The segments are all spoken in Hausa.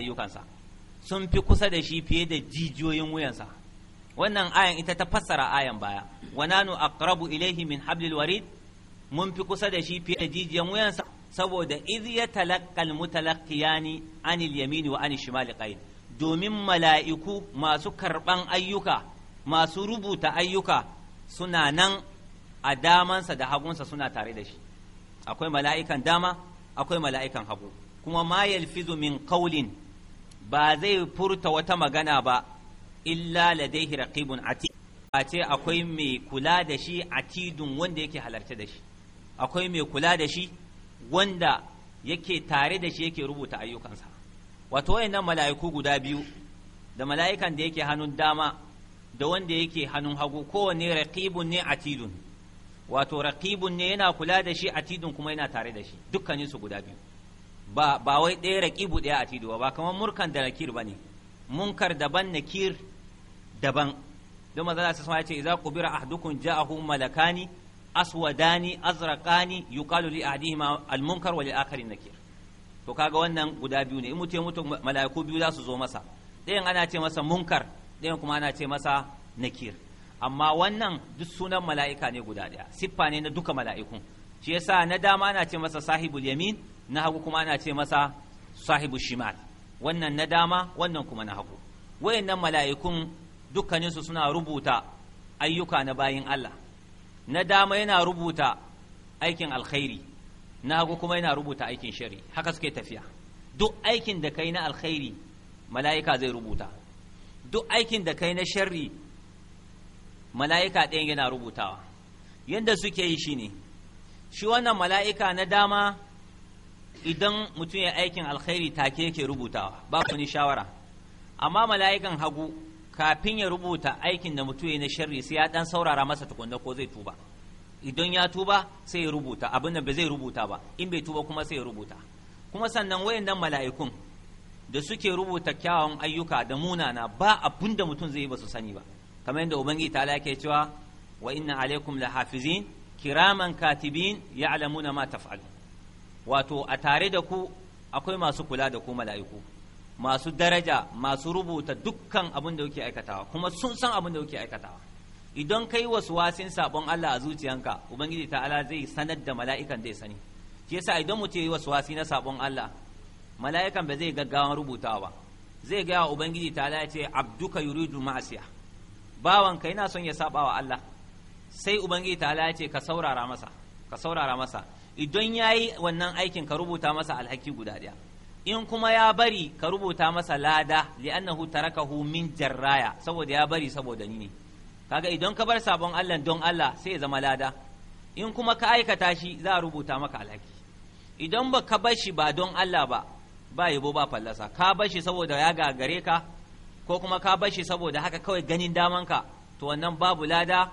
ayyukansa sun fi kusa da shi fiye da jijiyoyin wuyansa wannan ayan ita ta fassara ayan baya wa akrabu aqrabu ilayhi min hablil warid mun fi kusa da shi fiye da jijiyan wuyansa saboda idh yatalaqqal mutalaqqiyani anil yamini wa anil shimali qayn domin mala'iku masu karban ayyuka masu rubuta ayyuka suna nan a damansa da hagunsa suna tare da shi akwai mala'ikan dama akwai mala'ikan hagu kuma ma yalfizu min qawlin ba zai furta wata magana ba illa ladaihi raqibun atid a ce akwai mai kula da shi atidun wanda yake halarta da shi akwai mai kula da shi wanda yake tare da shi yake rubuta ayyukansa wato wayannan mala'iku guda biyu da mala'ikan da yake hannun dama da wanda yake hannun hagu kowane raqibun ne atidun wato raqibun ne yana kula da shi atidun kuma yana tare da shi dukkanin su guda biyu ba ba wai ɗaya raƙi ɗaya a tiduwa ba kamar murkan da nakir ba ne munkar daban nakir daban don maza za su sama ya ce idza qubira ahdukum ja'ahu malakani aswadani azraqani yuqalu li ahdihima al wa li akhari nakir to kaga wannan guda biyu ne in mutum mutum mala'iku biyu za su zo masa ɗayan ana ce masa munkar ɗayan kuma ana ce masa nakir amma wannan duk sunan mala'ika ne guda ɗaya siffa ne na duka mala'ikun shi yasa na dama ana ce masa sahibul yamin na hagu kuma ana ce masa sahibu shimal wannan na dama wannan kuma na hagu wayannan mala'ikun dukkaninsu suna rubuta ayyuka na bayin Allah na dama yana rubuta aikin alkhairi na hagu kuma yana rubuta aikin shari haka suke tafiya duk aikin da kai na alkhairi mala'ika zai rubuta duk aikin da kai na sharri mala'ika ɗayan yana rubutawa yadda suke yi shi ne shi wannan mala'ika na dama idan mutum ya aikin alkhairi take yake rubutawa ba ku ni shawara amma mala'ikan hagu kafin ya rubuta aikin da mutum ya na sharri sai ya dan saurara masa tukunna ko zai tuba idan ya tuba sai ya rubuta abin da ba zai rubuta ba in bai tuba kuma sai ya rubuta kuma sannan wayannan mala'ikun da suke rubuta kyawun ayyuka da munana ba abin da mutum zai yi ba su sani ba kamar yadda ubangiji ta ke cewa wa inna alaikum lahafizin kiraman katibin ya'lamuna ma taf'alun wato a tare da ku akwai masu kula da ku mala'iku masu daraja masu rubuta dukkan abin da kuke aikatawa kuma sun san abin da kuke aikatawa idan kai wasu wasin sabon Allah a zuciyanka ubangiji ta ala zai sanar da mala'ikan zai sani shi yasa idan mu ce wasu wasi na sabon Allah mala'ikan ba zai gaggawan rubutawa zai gaya ubangiji ubangiji ala ya ce abduka yuridu ma'asiya bawanka yana son ya saba wa Allah sai ubangiji ta ala ya ce ka saurara masa ka saurara masa idan ya yi wannan aikin ka rubuta masa alhaki guda ɗaya in kuma ya bari ka rubuta masa lada li'annahu tarakahu min jarraya saboda ya bari saboda ni ne kaga idan ka bar sabon Allah don Allah sai ya zama lada in kuma ka aikata shi za rubuta maka alhaki idan ba ka bar shi ba don Allah ba ba yabo ba fallasa ka bar shi saboda ya gagare ka ko kuma ka bar shi saboda haka kawai ganin damanka to wannan babu lada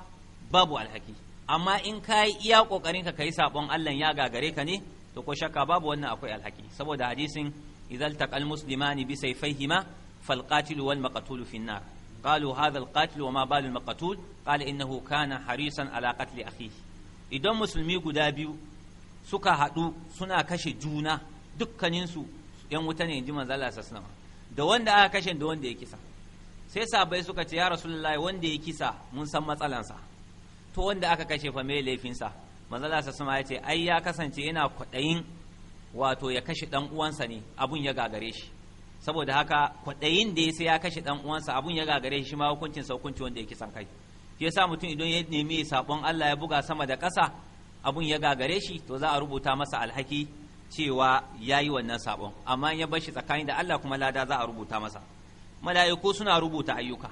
babu alhaki amma in ka yi iya kokarin ka kai saɓon Allah ya gagare ka ne to ko shakka babu wannan akwai alhaki saboda hadisin idhal taqal muslimani bi sayfayhima fal qatilu wal maqtulu fi nar qalu hadha al qatil wa ma balu al maqtul qala innahu kana harisan ala qatli akhihi idan musulmi guda biyu suka haɗu suna kashe juna dukkaninsu yan wuta ne inji manzo Allah sallallahu da wanda aka kashe da wanda ya kisa sai sabai suka ce ya rasulullahi wanda ya kisa mun san matsalansa to wanda aka kashe fa mai laifinsa manzala sa sama ya ce ai ya kasance yana kwaɗayin wato ya kashe ɗan uwansa ne abun ya gagare shi saboda haka kwaɗayin da ya sai ya kashe ɗan uwansa abun ya gagare shi ma hukuncin sa hukunci wanda yake san kai shi yasa mutum idan ya nemi sabon Allah ya buga sama da ƙasa abun ya gagare shi to za a rubuta masa alhaki cewa ya yi wannan sabon amma ya bar shi tsakanin da Allah kuma lada za a rubuta masa mala'iku suna rubuta ayyuka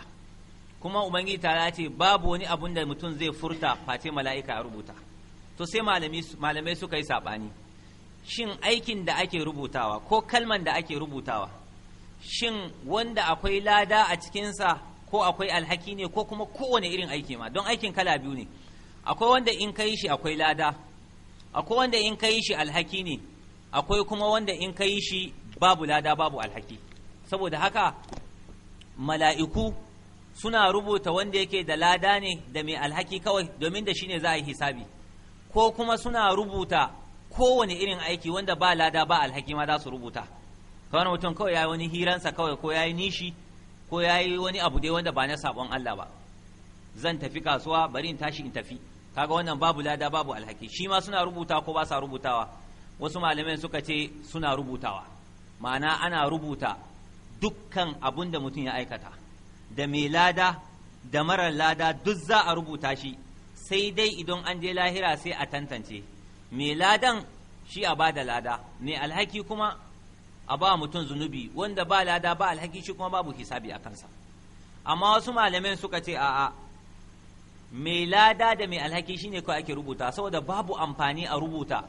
kuma ubangiji ta ce babu wani abun da mutum zai furta face mala'ika ya rubuta to sai malamai suka yi saɓani shin aikin da ake rubutawa ko kalman da ake rubutawa shin wanda akwai lada a cikinsa ko akwai alhaki ne ko kuma kowane irin aiki ma don aikin kala biyu ne akwai wanda in ka shi akwai lada akwai wanda in ka shi alhaki ne akwai kuma wanda in ka shi babu lada babu alhaki saboda haka mala'iku suna rubuta wanda yake da lada ne da mai alhaki kawai domin da shi ne za a yi hisabi ko kuma suna rubuta kowane irin aiki wanda ba lada ba alhaki ma za su rubuta kawai mutum kawai ya yi wani hiransa kawai ko ya yi nishi ko ya yi wani abu dai wanda ba na sabon Allah ba zan tafi kasuwa bari in tashi in tafi kaga wannan babu lada babu alhaki shi ma suna rubuta ko ba sa rubutawa wasu malamai suka ce suna rubutawa ma'ana ana rubuta dukkan abun da mutum ya aikata da mai lada da marar lada duk za a rubuta shi sai dai idan an je lahira sai a tantance mai ladan shi a ba da lada mai alhaki kuma a ba mutum zunubi wanda ba lada ba alhaki shi kuma babu hisabi a kansa amma wasu malamai suka ce a'a mai lada da mai alhaki shi kawai ake rubuta saboda babu amfani a rubuta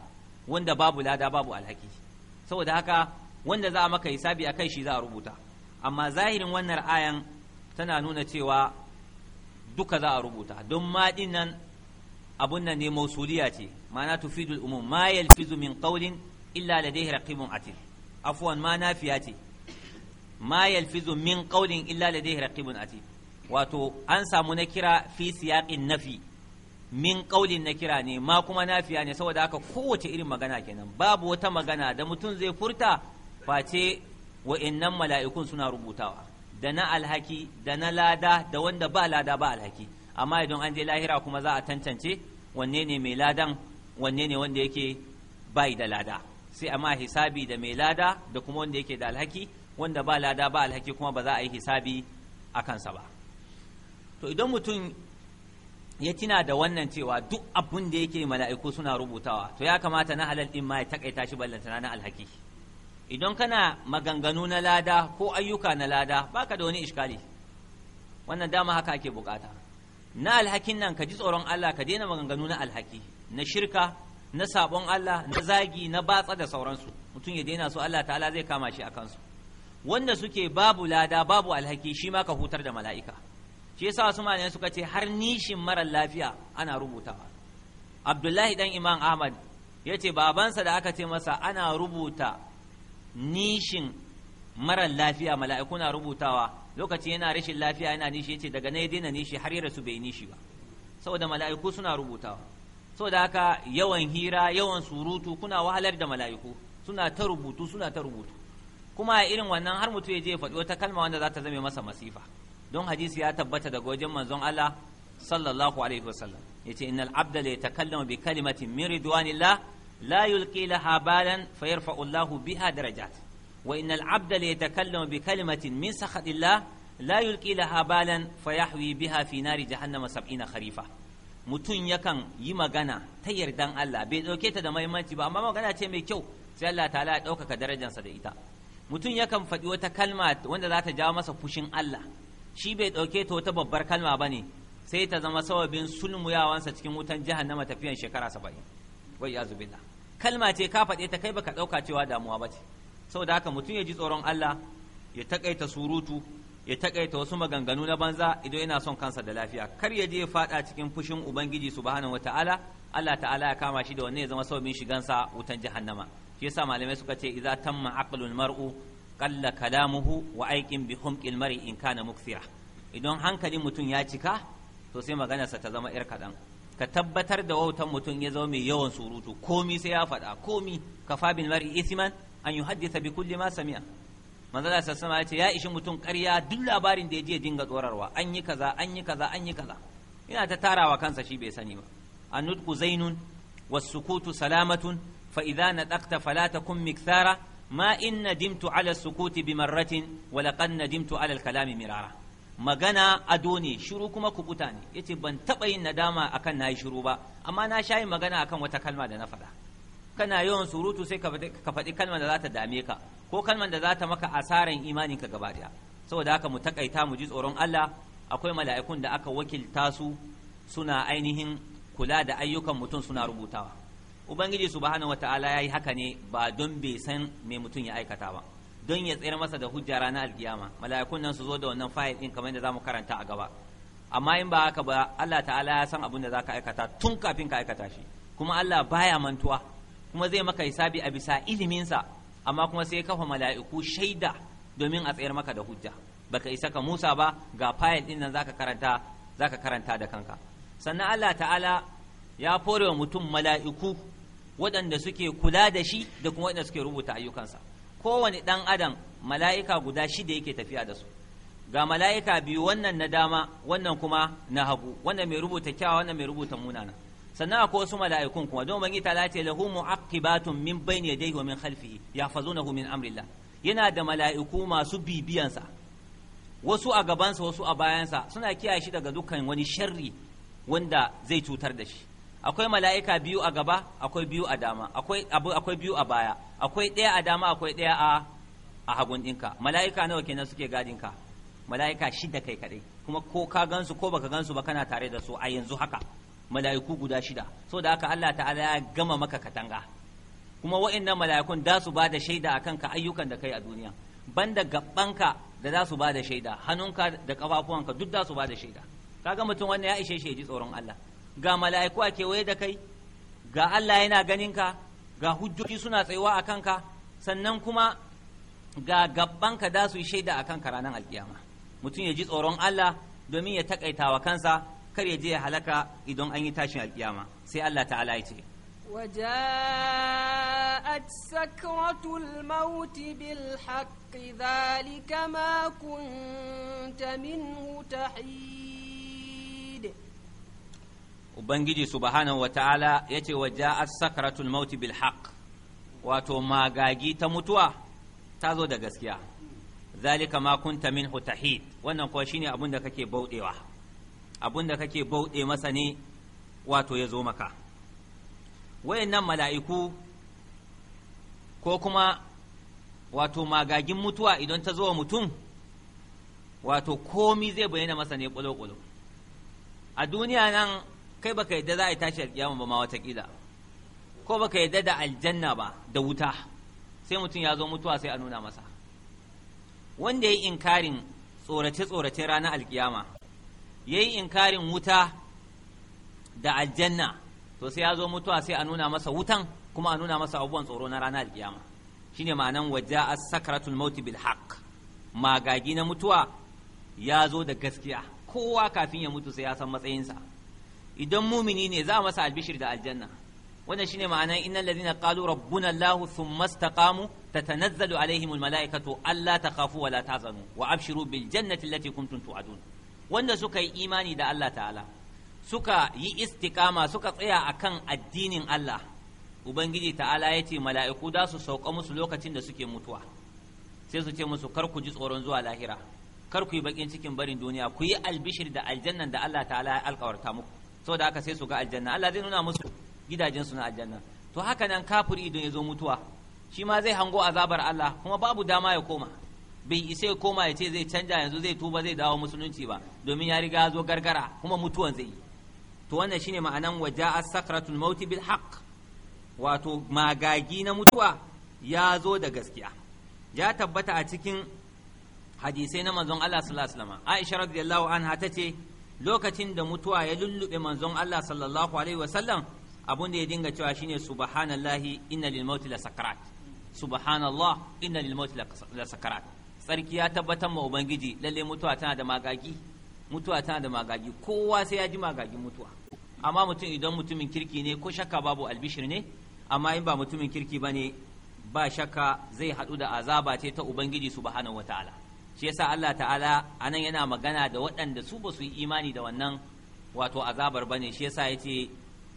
wanda babu lada babu alhaki saboda haka wanda za a maka hisabi a kai shi za a rubuta amma zahirin wannan ayan tana nuna cewa duka za a rubuta don ma nan abun nan ne mausuliya ce ma'ana tufidul umum ma yalfizu min qawlin illa ladayhi raqibun atid afwan ma nafiya ce ma yalfizu min qawlin illa ladayhi raqibun atid wato an samu na kira fi siyaqin nafi min qawlin na kira ne ma kuma nafiya ne saboda haka kowace irin magana kenan babu wata magana da mutum zai furta face wa'annan mala'ikun suna rubutawa da na alhaki da na lada da wanda ba lada ba alhaki amma idan an je lahira kuma za a tantance wanne ne mai ladan wanne ne wanda yake bai da lada sai amma hisabi da mai lada da kuma wanda yake da alhaki wanda ba lada ba alhaki kuma ba za a yi hisabi a kansa ba to idan mutum ya tina da wannan cewa duk abin da yake mala'iku suna rubutawa to ya kamata na halal din ma ya takaita shi ballantana na alhaki idan kana maganganu na lada ko ayyuka na lada baka da wani iskali wannan dama haka ake bukata na alhakin nan ka ji tsoron Allah ka daina maganganu na alhaki na shirka na sabon Allah na zagi na batsa da sauransu mutum ya daina su Allah ta'ala zai kama shi a kansu wanda suke babu lada babu alhaki shi ma ka hutar da mala'ika shi yasa su malamai suka ce har nishin marar lafiya ana rubutawa Abdullahi dan Imam Ahmad yace babansa da aka ce masa ana rubuta nishin marar lafiya mala'iku na rubutawa lokaci yana rashin lafiya yana nishi yace daga na ya daina nishi har ya su bai nishi ba saboda mala'iku suna rubutawa saboda haka yawan hira yawan surutu kuna wahalar da mala'iku suna ta rubutu suna ta rubutu kuma a irin wannan har mutum ya je ya faɗi wata kalma wanda za ta zame masa masifa don hadisi ya tabbata daga wajen manzon Allah sallallahu alaihi wasallam yace innal abda la yatakallamu bi kalimatin min ridwanillah la yulqi laha balan biha daraja. wa innal abda la yatakallamu bi kalimatin min sakhatillah la yulqi laha balan fa biha fi kharifa mutum yakan yi magana ta yardan Allah bai dauke ta da muhimmanci ba amma magana ce mai kyau sai Allah ta ya ɗaukaka darajarsa da ita mutum yakan faɗi wata kalma wanda za ta jawo masa fushin Allah shi bai ɗauke ta wata babbar kalma ba ne sai ta zama sababin sulmuyawansa cikin wutan na matafiyan shekara saba'in wai ya zubin kalma ce ka faɗe ta kai baka ɗauka cewa damuwa ba ce saboda haka mutum ya ji tsoron Allah ya takaita surutu ya takaita wasu maganganu na banza idan yana son kansa da lafiya kar ya je ya faɗa cikin fushin ubangiji subhanahu wataala Allah ta'ala ya kama shi da wanne ya zama sababin shigansa wutan jahannama shi yasa malamai suka ce idza tamma aqlul mar'u qalla kalamuhu wa aikin bi humqil mar'i in kana mukthira idan hankalin mutum ya cika to sai maganarsa ta zama yar kaɗan ka tabbatar da wautan mutum ya zama mai yawan surutu komi sai ya faɗa komi ka fa mar'i isman an yuhaddisa bi kulli ma samiya. manzo Sassama ya ce ya ishi mutum ƙarya duk labarin da ya je dinga tsorarwa an yi kaza an yi kaza an yi kaza Ina ta tarawa kansa shi bai sani ba annutku zainun wasukutu sukutu salamatun fa idza nadaqta fala takun mikthara ma in nadimtu ala sukuti bi marratin wa laqad nadimtu ala al-kalami mirara magana ado ne shiru kuma kubuta ne yace ban taɓa yin nadama akan yi shiru ba amma na sha yin magana akan wata kalma da na faɗa kana yawan surutu sai ka faɗi kalmar da za ta dame ka ko kalmar da za ta maka asaran imanin ka gaba ɗaya saboda haka mu takaita mu ji tsoron Allah akwai mala'ikun da aka wakilta su suna ainihin kula da ayyukan mutum suna rubutawa ubangiji subhanahu wataala yayi haka ne ba don bai san me mutum ya aikata ba don ya tsayar masa da hujja ranar alkiyama mala'ikun nan su zo da wannan fayil din kamar yadda zamu karanta a gaba amma in ba haka ba Allah ta'ala ya san abin da zaka aikata tun kafin ka aikata shi kuma Allah baya mantuwa kuma zai maka hisabi a bisa iliminsa amma kuma sai kafa mala'iku shaida domin a tsayar maka da hujja baka isa ka Musa ba ga fayil din nan zaka karanta zaka karanta da kanka sannan Allah ta'ala ya forewa mutum mala'iku waɗanda suke kula da shi da kuma waɗanda suke rubuta ayyukansa kowane ɗan adam mala'ika guda shida yake tafiya da su ga mala'ika biyu wannan na dama wannan kuma na hagu wannan mai rubuta kyawa wannan mai rubuta munana sannan akwai wasu mala'ikun kuma don bangi ta lati lahu mu'aqibatun min bayni yadayhi wa min khalfihi yahfazunahu min amrillah yana da mala'iku masu bibiyansa wasu a gabansa wasu a bayansa suna kiyaye shi daga dukkan wani sharri wanda zai cutar da shi akwai mala'ika biyu a gaba akwai biyu a dama akwai biyu a baya akwai ɗaya a dama akwai ɗaya a a hagun ɗinka mala'ika nawa kenan suke gadin ka mala'ika shida kai kaɗai. kuma ko ka gansu ko baka gansu ba kana tare da su a yanzu haka mala'iku guda shida so da haka Allah ta'ala ya gama maka katanga kuma wa'annan mala'ikun da su da shaida a kanka ayyukan da kai a duniya banda gabanka da za su bada shaida hannunka da kafafuwanka duk da su bada shaida kaga mutum wannan ya ishe shi ya ji tsoron Allah ga mala'iku a kewaye da kai ga Allah yana ganinka ga hujjoki suna tsayuwa a kanka sannan kuma ga gabbanka da su yi shaida a kanka ranar alkiyama mutum ya ji tsoron Allah domin ya takaitawa wa kansa kar ya je ya halaka idan an yi tashin alkiyama sai Allah ta'ala ya ce وجاءت سكرة الموت بالحق ذلك ما كنت منه تحيد ubangiji subhanahu wataala yace wa ja'at sakaratul mauti bil haq wato magagi ta mutuwa ta zo da gaskiya zalika ma kunta min hutahid wannan kuwa shine abin da kake baudewa abin da kake bauɗe masa ne wato ya zo maka wayannan mala'iku ko kuma wato magagin mutuwa idan ta zo wa mutum wato komi zai bayyana masa ne ƙulo-ƙulo a duniya nan kai baka yadda za a yi tashi alkiyama ba ma watakila ko baka yadda da aljanna ba da wuta sai mutum ya zo mutuwa sai a nuna masa wanda ya yi inkarin tsorace-tsorace ranar alƙiyama, ya yi inkarin wuta da aljanna to sai ya zo mutuwa sai a nuna masa wutan kuma a nuna masa abubuwan tsoro na ranar alkiyama shine ma'anan waja as sakaratul mauti bil haqq magagi na mutuwa ya zo da gaskiya kowa kafin ya mutu sai ya san matsayinsa idan mumini ne za a masa albishir da aljanna Wanda shine ma'anar innal ladina qalu rabbuna allah thumma istaqamu tatanazzalu alaihim almalaikatu alla takhafu wa la tahzanu wa abshiru bil jannati allati kuntum tu'adun wanda suka yi imani da Allah ta'ala suka yi istiqama suka tsaya akan addinin Allah ubangiji ta'ala yace mala'iku da su sauka musu lokacin da suke mutuwa sai su ce musu kar ku ji tsoron zuwa lahira kar ku yi bakin cikin barin duniya ku yi albishir da aljannan da Allah ta'ala ya alkawarta muku saboda haka sai su ga aljanna Allah zai nuna musu gidajen su na aljanna to haka nan kafiri idan ya zo mutuwa shi ma zai hango azabar Allah kuma babu dama ya koma bai isa ya koma ya ce zai canja yanzu zai tuba zai dawo musulunci ba domin ya riga ya zo gargara kuma mutuwan zai yi to wannan shine ma'anan waja'a sakratul maut bil haqq wato magagi na mutuwa ya zo da gaskiya ya tabbata a cikin hadisai na manzon Allah sallallahu alaihi wasallam Aisha radiyallahu anha tace lokacin da mutuwa ya lullube manzon Allah sallallahu alaihi wasallam abun da ya dinga cewa shine subhanallahi inna lil mauti la sakarat subhanallah inna lil mauti la sakarat sarki ya tabbatar ma ubangiji lalle mutuwa tana da magagi mutuwa tana da magagi kowa sai ya ji magagin mutuwa amma mutum idan mutumin kirki ne ko shakka babu albishir ne amma in ba mutumin kirki bane ba shakka zai haɗu da azaba ce ta ubangiji subhanahu wataala shi yasa Allah ta'ala anan yana magana da waɗanda su ba su yi imani da wannan wato azabar bane shi yasa yace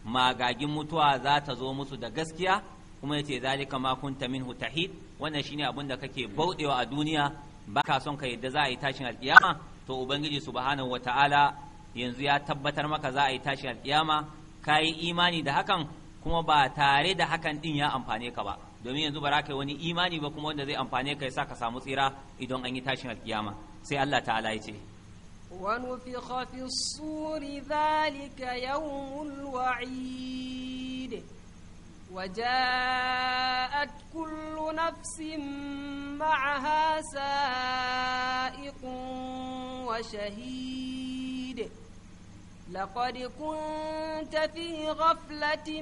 magagin mutuwa za ta zo musu da gaskiya kuma yace zalika ma kunta minhu tahid wannan shine abin da kake baudewa a duniya ba ka son ka yadda za a yi tashin alkiyama to ubangiji subhanahu ta'ala yanzu ya tabbatar maka za a yi tashin alkiyama ka yi imani da hakan kuma ba tare da hakan ɗin ya amfane ka ba domin yanzu ba za ka yi wani imani ba kuma wanda zai amfane ka sa ka samu tsira idan an yi tashin alkiyama sai Allah ta'ala ya ce ونفخ في الصور ذلك يوم الوعيد وجاءت كل نفس معها سائق وشهيد لقد كنت في غفلة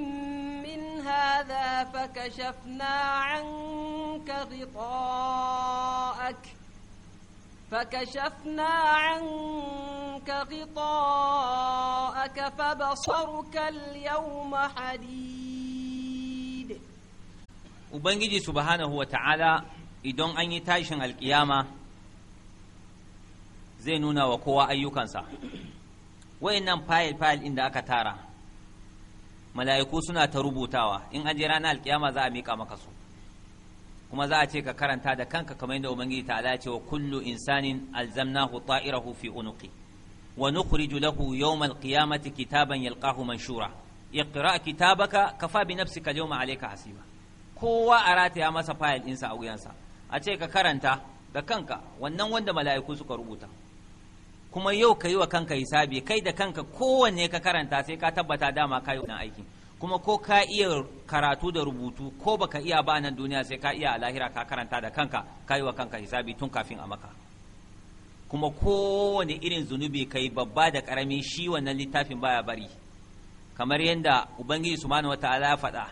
من هذا فكشفنا عنك غطاءك فكشفنا عنك غطاءك فبصرك اليوم حديد وبنجي سبحانه وتعالى idan an yi tashin alkiyama zai nuna wa kowa ayyukansa wayannan fayil fayil inda aka tara mala'iku suna ta rubutawa in aje je ranar alkiyama za a miƙa maka su kuma za a ce ka karanta da kanka kamar yadda ubangiji ta ala ce wa kullu insanin alzamnahu ta'irahu fi unuqi wa nukhriju lahu yawm alqiyamati kitaban yalqahu manshura iqra kitabaka kafa bi nafsika yawma alayka hasiba kowa a rataya masa fayil ɗinsa a wuyansa a ce ka karanta da kanka wannan wanda mala'iku suka rubuta kuma yau ka yi wa kanka hisabi kai da kanka kowanne ka karanta sai ka tabbata dama ka yi wannan aikin kuma ko ka iya karatu da rubutu ko baka iya ba nan duniya sai ka iya a lahira ka karanta da kanka ka yi wa kanka hisabi tun kafin a maka kuma kowane irin zunubi ka yi babba da karami shi wannan littafin baya bari kamar yadda ubangiji subhanahu wataala ya faɗa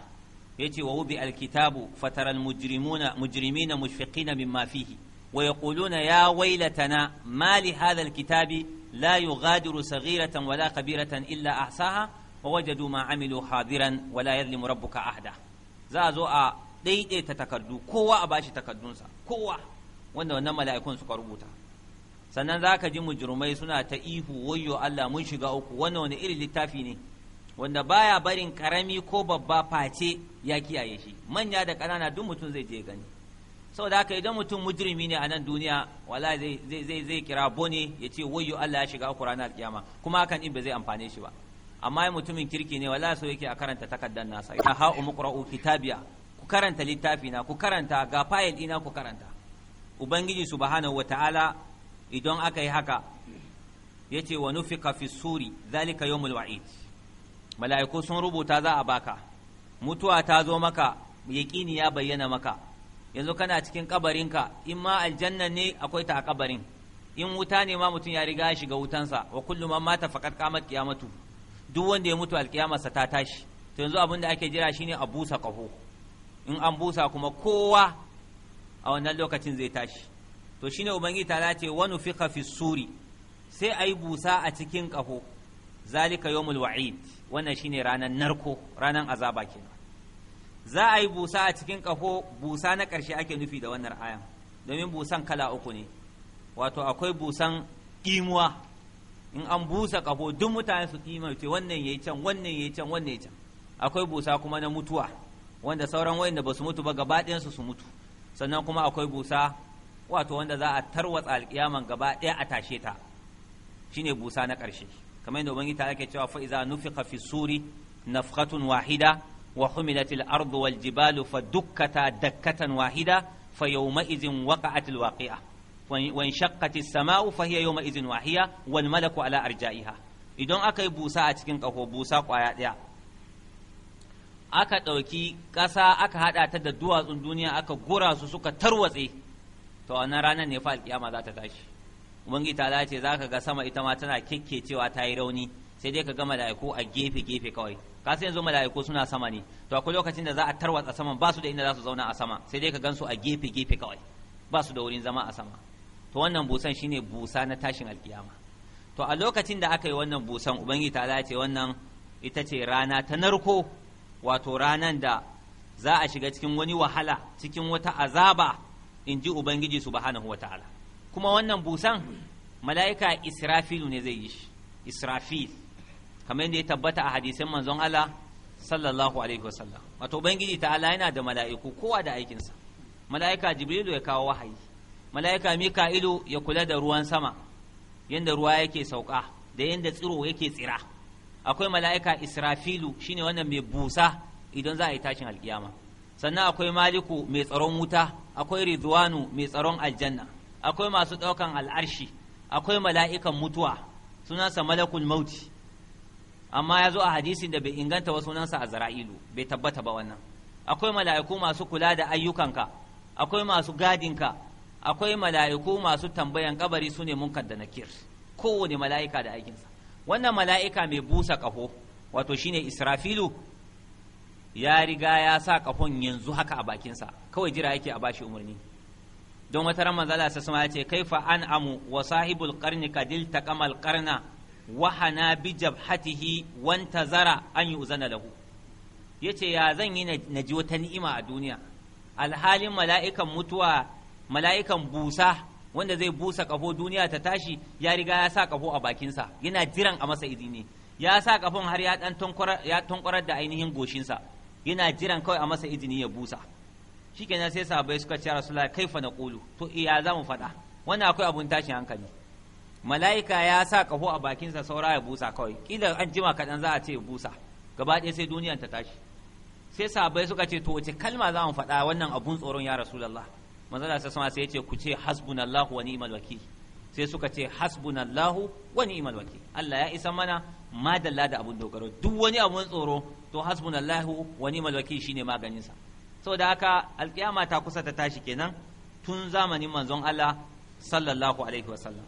yace wa ubi alkitabu fataral mujrimuna mujrimina mushfiqina mimma fihi wa yaquluna ya wailatana ma li kitabi alkitabi la yughadiru saghiratan wala kabiratan illa Asaha, wa wajadu ma amilu hadiran wala yadhlimu rabbuka ahada za a zo a daidaita takardu kowa a bashi takardunsa kowa wanda wannan mala'ikun suka rubuta sannan za ka ji mujrumai suna ta ihu wayyo Allah mun shiga uku wannan wani irin littafi ne wanda baya barin karami ko babba face ya kiyaye shi manya da ƙanana duk mutum zai je gani saboda haka idan mutum mujrimi ne a nan duniya wala zai zai zai kira bone ya ce wayyo Allah ya shiga uku ranar kiyama kuma hakan in ba zai amfane shi ba amma mutumin kirki ne wala so yake a karanta takaddan nasa ya ha umqra'u kitabiya ku karanta littafi na ku karanta ga fayil ina ku karanta ubangiji subhanahu wataala idan aka yi haka yace wa nufika fi suri zalika yawmul wa'id mala'iku sun rubuta za a baka mutuwa ta zo maka yaƙini ya bayyana maka yanzu kana cikin kabarinka in ma aljanna ne akwai ta a kabarin in wuta ne ma mutum ya riga ya shiga wutansa wa kullum ma mata faqad qamat duk wanda ya mutu alkiyamarsa ta tashi to yanzu abin da ake jira shine a busa kaho in an busa kuma kowa a wannan lokacin zai tashi to shine ubangiji ta ce wa nufiqa fi suri sai ayi busa a cikin kaho zalika yawmul wa'id wannan shine ranan narko ranar azaba kenan za a yi busa a cikin ƙaho busa na ƙarshe ake nufi da wannan ayan domin busan kala uku ne wato akwai busan ƙimuwa in an busa ƙaho duk mutane su ƙima ce wannan yi can wannan yi can wannan ya can akwai busa kuma na mutuwa wanda sauran wayanda ba su mutu ba gaba ɗayansu su mutu sannan kuma akwai busa wato wanda za a tarwatsa alƙiyaman gaba ɗaya a tashe ta shine busa na ƙarshe kamar yadda ubangiji ta ake cewa fa iza nufiqa fi suri nafkatun wahida wa humilatil ardu wal jibalu fa dukkata dakkatan wahida fa yawma idhin waqa'atil waqi'a wa inshaqqatis sama'u fa hiya yawma wahiya wal malaku ala arja'iha idan aka yi busa a cikin kaho busa kwaya daya aka ɗauki ƙasa aka haɗa ta da duwatsun duniya aka gura su suka tarwatse to wannan ranar ne fa alƙiyama za ta tashi ubangiji ta ce za ka ga sama ita ma tana kekkecewa ta yi rauni sai dai ka ga mala'iku a gefe gefe kawai ka sai yanzu mala'iku suna sama ne to akwai lokacin da za a tarwatsa saman ba su da inda za su zauna a sama sai dai ka gansu a gefe gefe kawai ba su da wurin zama a sama to wannan busan shine busa na tashin alkiyama to a lokacin da aka yi wannan busan ubangiji ta ce wannan ita ce rana ta narko wato ranan da za a shiga cikin wani wahala cikin wata azaba in ji ubangiji subhanahu wataala kuma wannan busan mala'ika israfilu ne zai yi shi israfil kamar yadda ya tabbata a hadisin manzon Allah sallallahu alaihi wasallam wato ubangiji ta'ala yana da mala'iku kowa da aikinsa mala'ika jibrilu ya kawo wahayi mala'ika mika'ilu ya kula da ruwan sama yanda ruwa yake sauka da yadda tsiro yake tsira akwai mala'ika israfilu shine wannan mai busa idan za a yi tashin alkiyama sannan akwai maliku mai tsaron wuta akwai ridwanu mai tsaron aljanna akwai masu ɗaukan al'arshi akwai mala'ikan mutuwa sunansa malakul mauti amma ya zo a hadisin da bai inganta wa sunansa a zara'ilu bai tabbata ba wannan akwai mala'iku masu kula da ayyukanka akwai masu gadinka akwai mala'iku masu tambayan kabari su ne munkar da nakir kowane mala'ika da aikinsa wannan mala'ika mai busa kaho wato shine israfilu ya riga ya sa kafon yanzu haka a bakinsa kawai jira yake a bashi umarni don wata ran manzala sa ya ce fa an amu wa sahibul karni kadil ta kamal karna. wahana bi jabhatihi wanta zara an yi uzana lahu ya ce ya zan yi na ji wata ni'ima a duniya alhalin mala'ikan mutuwa mala'ikan busa wanda zai busa kafo duniya ta tashi ya riga ya sa kafo a bakinsa yana jiran a masa izini ya sa kafon har ya dan da ainihin goshinsa yana jiran kawai a masa izini ya busa shikenan sai sahabbai suka ce rasulullahi kaifa naqulu to iya za mu faɗa wannan akwai abun tashin hankali mala'ika ya sa kaho a bakinsa saura ya busa kawai kila an jima kaɗan za a ce busa gaba ɗaya sai duniyan ta tashi sai sahabbai suka ce to wace kalma za mu faɗa wannan abun tsoron ya rasulullah manzo Allah sallallahu sai ya ce ku ce hasbunallahu wa ni'mal wakil sai suka ce hasbunallahu wa ni'mal wakil Allah ya isa mana madalla da abun dogaro duk wani abun tsoro to hasbunallahu wa ni'mal wakil shine maganin sa saboda haka alkiyama ta kusa ta tashi kenan tun zamanin manzon Allah sallallahu alaihi wasallam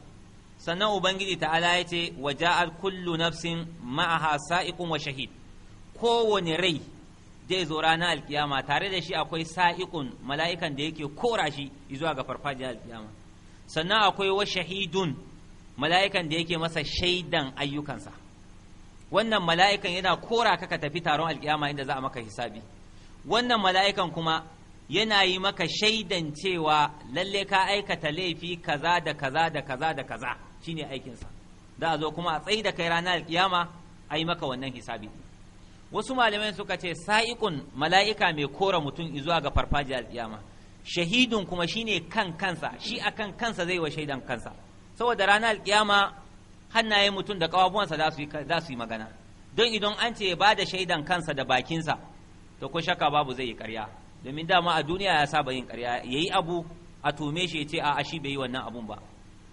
sannan ubangiji ta'ala ya ce wa ja'at kullu nafsin ma'aha sa'iqun wa shahid kowane rai zai zo rana alkiyama tare da shi akwai sa'iqun mala'ikan da yake kora shi zuwa ga farfajin alkiyama sannan akwai wa shahidun mala'ikan da yake masa shaidan ayyukansa wannan mala'ikan yana kora ka ka tafi taron alkiyama inda za a maka hisabi wannan mala'ikan kuma yana yi maka shaidan cewa lalle ka aikata laifi kaza da kaza da kaza da kaza shine aikinsa da a zo kuma a tsayi da kai ranar alkiyama a yi maka wannan hisabi wasu malamai suka ce saikun mala'ika mai kora mutum zuwa ga farfajiyar alkiyama shahidun kuma shine kan kansa shi a kan kansa zai wa shaidan kansa saboda ranar alkiyama hannayen mutum da kawabuwansa za su yi magana don idan an ce ba da shaidan kansa da bakinsa to ko shaka babu zai yi karya domin dama a duniya ya saba yin karya ya yi abu a tume shi ya ce a shi bai yi wannan abun ba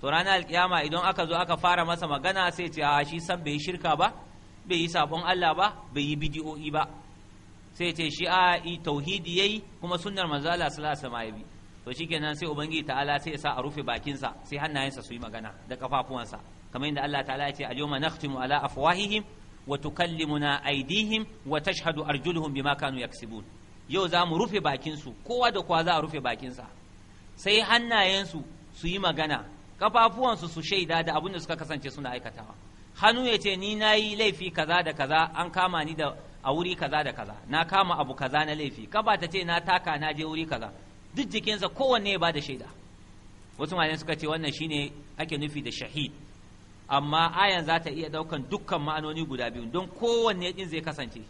to ranar alkiyama idan aka zo aka fara masa magana sai ce a shi san bai shirka ba bai yi sabon Allah ba bai yi bidiyo'i ba sai ce shi a yi tauhidi yayi kuma sunnar manzo Allah sallallahu alaihi wasallam to shikenan sai ubangiji ta'ala sai ya sa a rufe bakinsa sai hannayensa su yi magana da kafafuwansa kamar yadda Allah ta'ala ya ce al-yawma nakhtimu ala afwahihim wa tukallimuna aydihim wa tashhadu arjuluhum bima kanu yaksibun yau za mu rufe bakinsu kowa da kowa za a rufe bakinsa sai hannayensu su yi magana kafafuwansu su shaida da abin da suka kasance suna aikatawa hannu ya ce ni na yi laifi kaza da kaza an kama ni da a wuri kaza da kaza na kama abu kaza na laifi kafa ta ce na taka na je wuri kaza duk jikinsa kowanne ya bada shaida wasu malamai suka ce wannan shi shine ake nufi da shahid amma ayan za ta iya daukan dukkan ma'anoni guda biyu don kowanne din zai kasance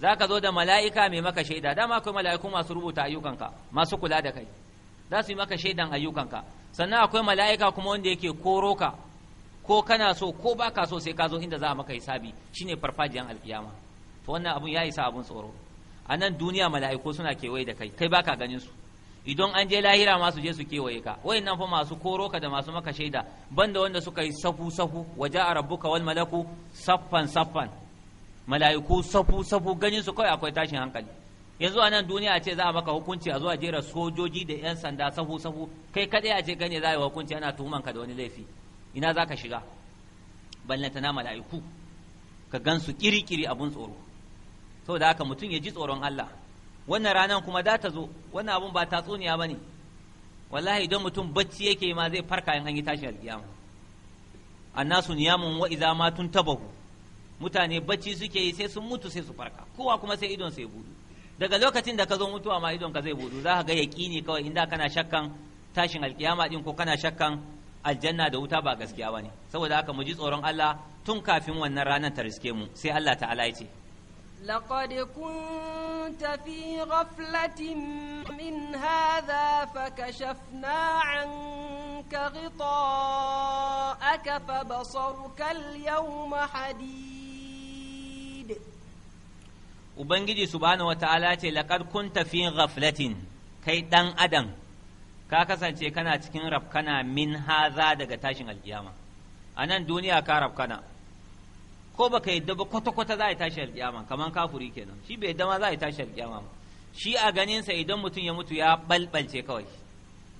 za ka zo da mala'ika mai maka shaida dama akwai mala'iku masu rubuta ayyukanka masu kula da kai za su yi maka shaidan ayyukanka sannan akwai mala'ika kuma wanda yake koro ka ko kana so ko baka ka so sai ka zo inda za a maka hisabi shine farfajiyan alkiyama to wannan abun ya isa abun tsoro a nan duniya mala'iku suna kewaye da kai kai baka ganin su idan an je lahira ma su je su kewaye ka nan fa masu koro ka da masu maka shaida banda wanda suka yi safu safu waja a rabbuka wal malaku saffan saffan mala'iku safu safu ganin su kawai akwai tashin hankali yanzu a nan duniya ce za a maka hukunci a zuwa jera sojoji da 'yan sanda sahu sahu kai kadai a ce kai ne za a yi hukunci ana tuhuman ka da wani laifi ina za ka shiga ballanta na mala'iku ka gan su kiri-kiri abun tsoro saboda haka mutum ya ji tsoron Allah wannan ranar kuma za ta zo wannan abun ba tatsuniya ba ne wallahi idan mutum bacci yake ma zai farka in an yi tashin alkiyama annasu niyamun wa iza ma tun tabahu mutane bacci suke yi sai sun mutu sai su farka kowa kuma sai idon sai budu daga lokacin da ka zo mutuwa ma idon ka zai budu za ka ga yaqini kawai inda kana shakkan tashin alkiyama din ko kana shakkan aljanna da wuta ba gaskiya ne, saboda haka mu ji tsoron Allah tun kafin wannan ranar ta riske mu sai Allah ta'ala ya ce لقد كنت في غفلة من هذا فكشفنا عنك غطاءك فبصرك اليوم حديد ubangiji subhanahu wataala ce laqad kunta fi ghaflatin kai ɗan adam ka kasance kana cikin rafkana min haza daga tashin alƙiyama. a nan duniya ka rafkana ko baka yadda ba kwata-kwata za a yi tashi alƙiyama, kamar kafuri kenan shi bai yadda ma za a yi tashi alƙiyama ba shi a ganinsa idan mutum ya mutu ya balbalce kawai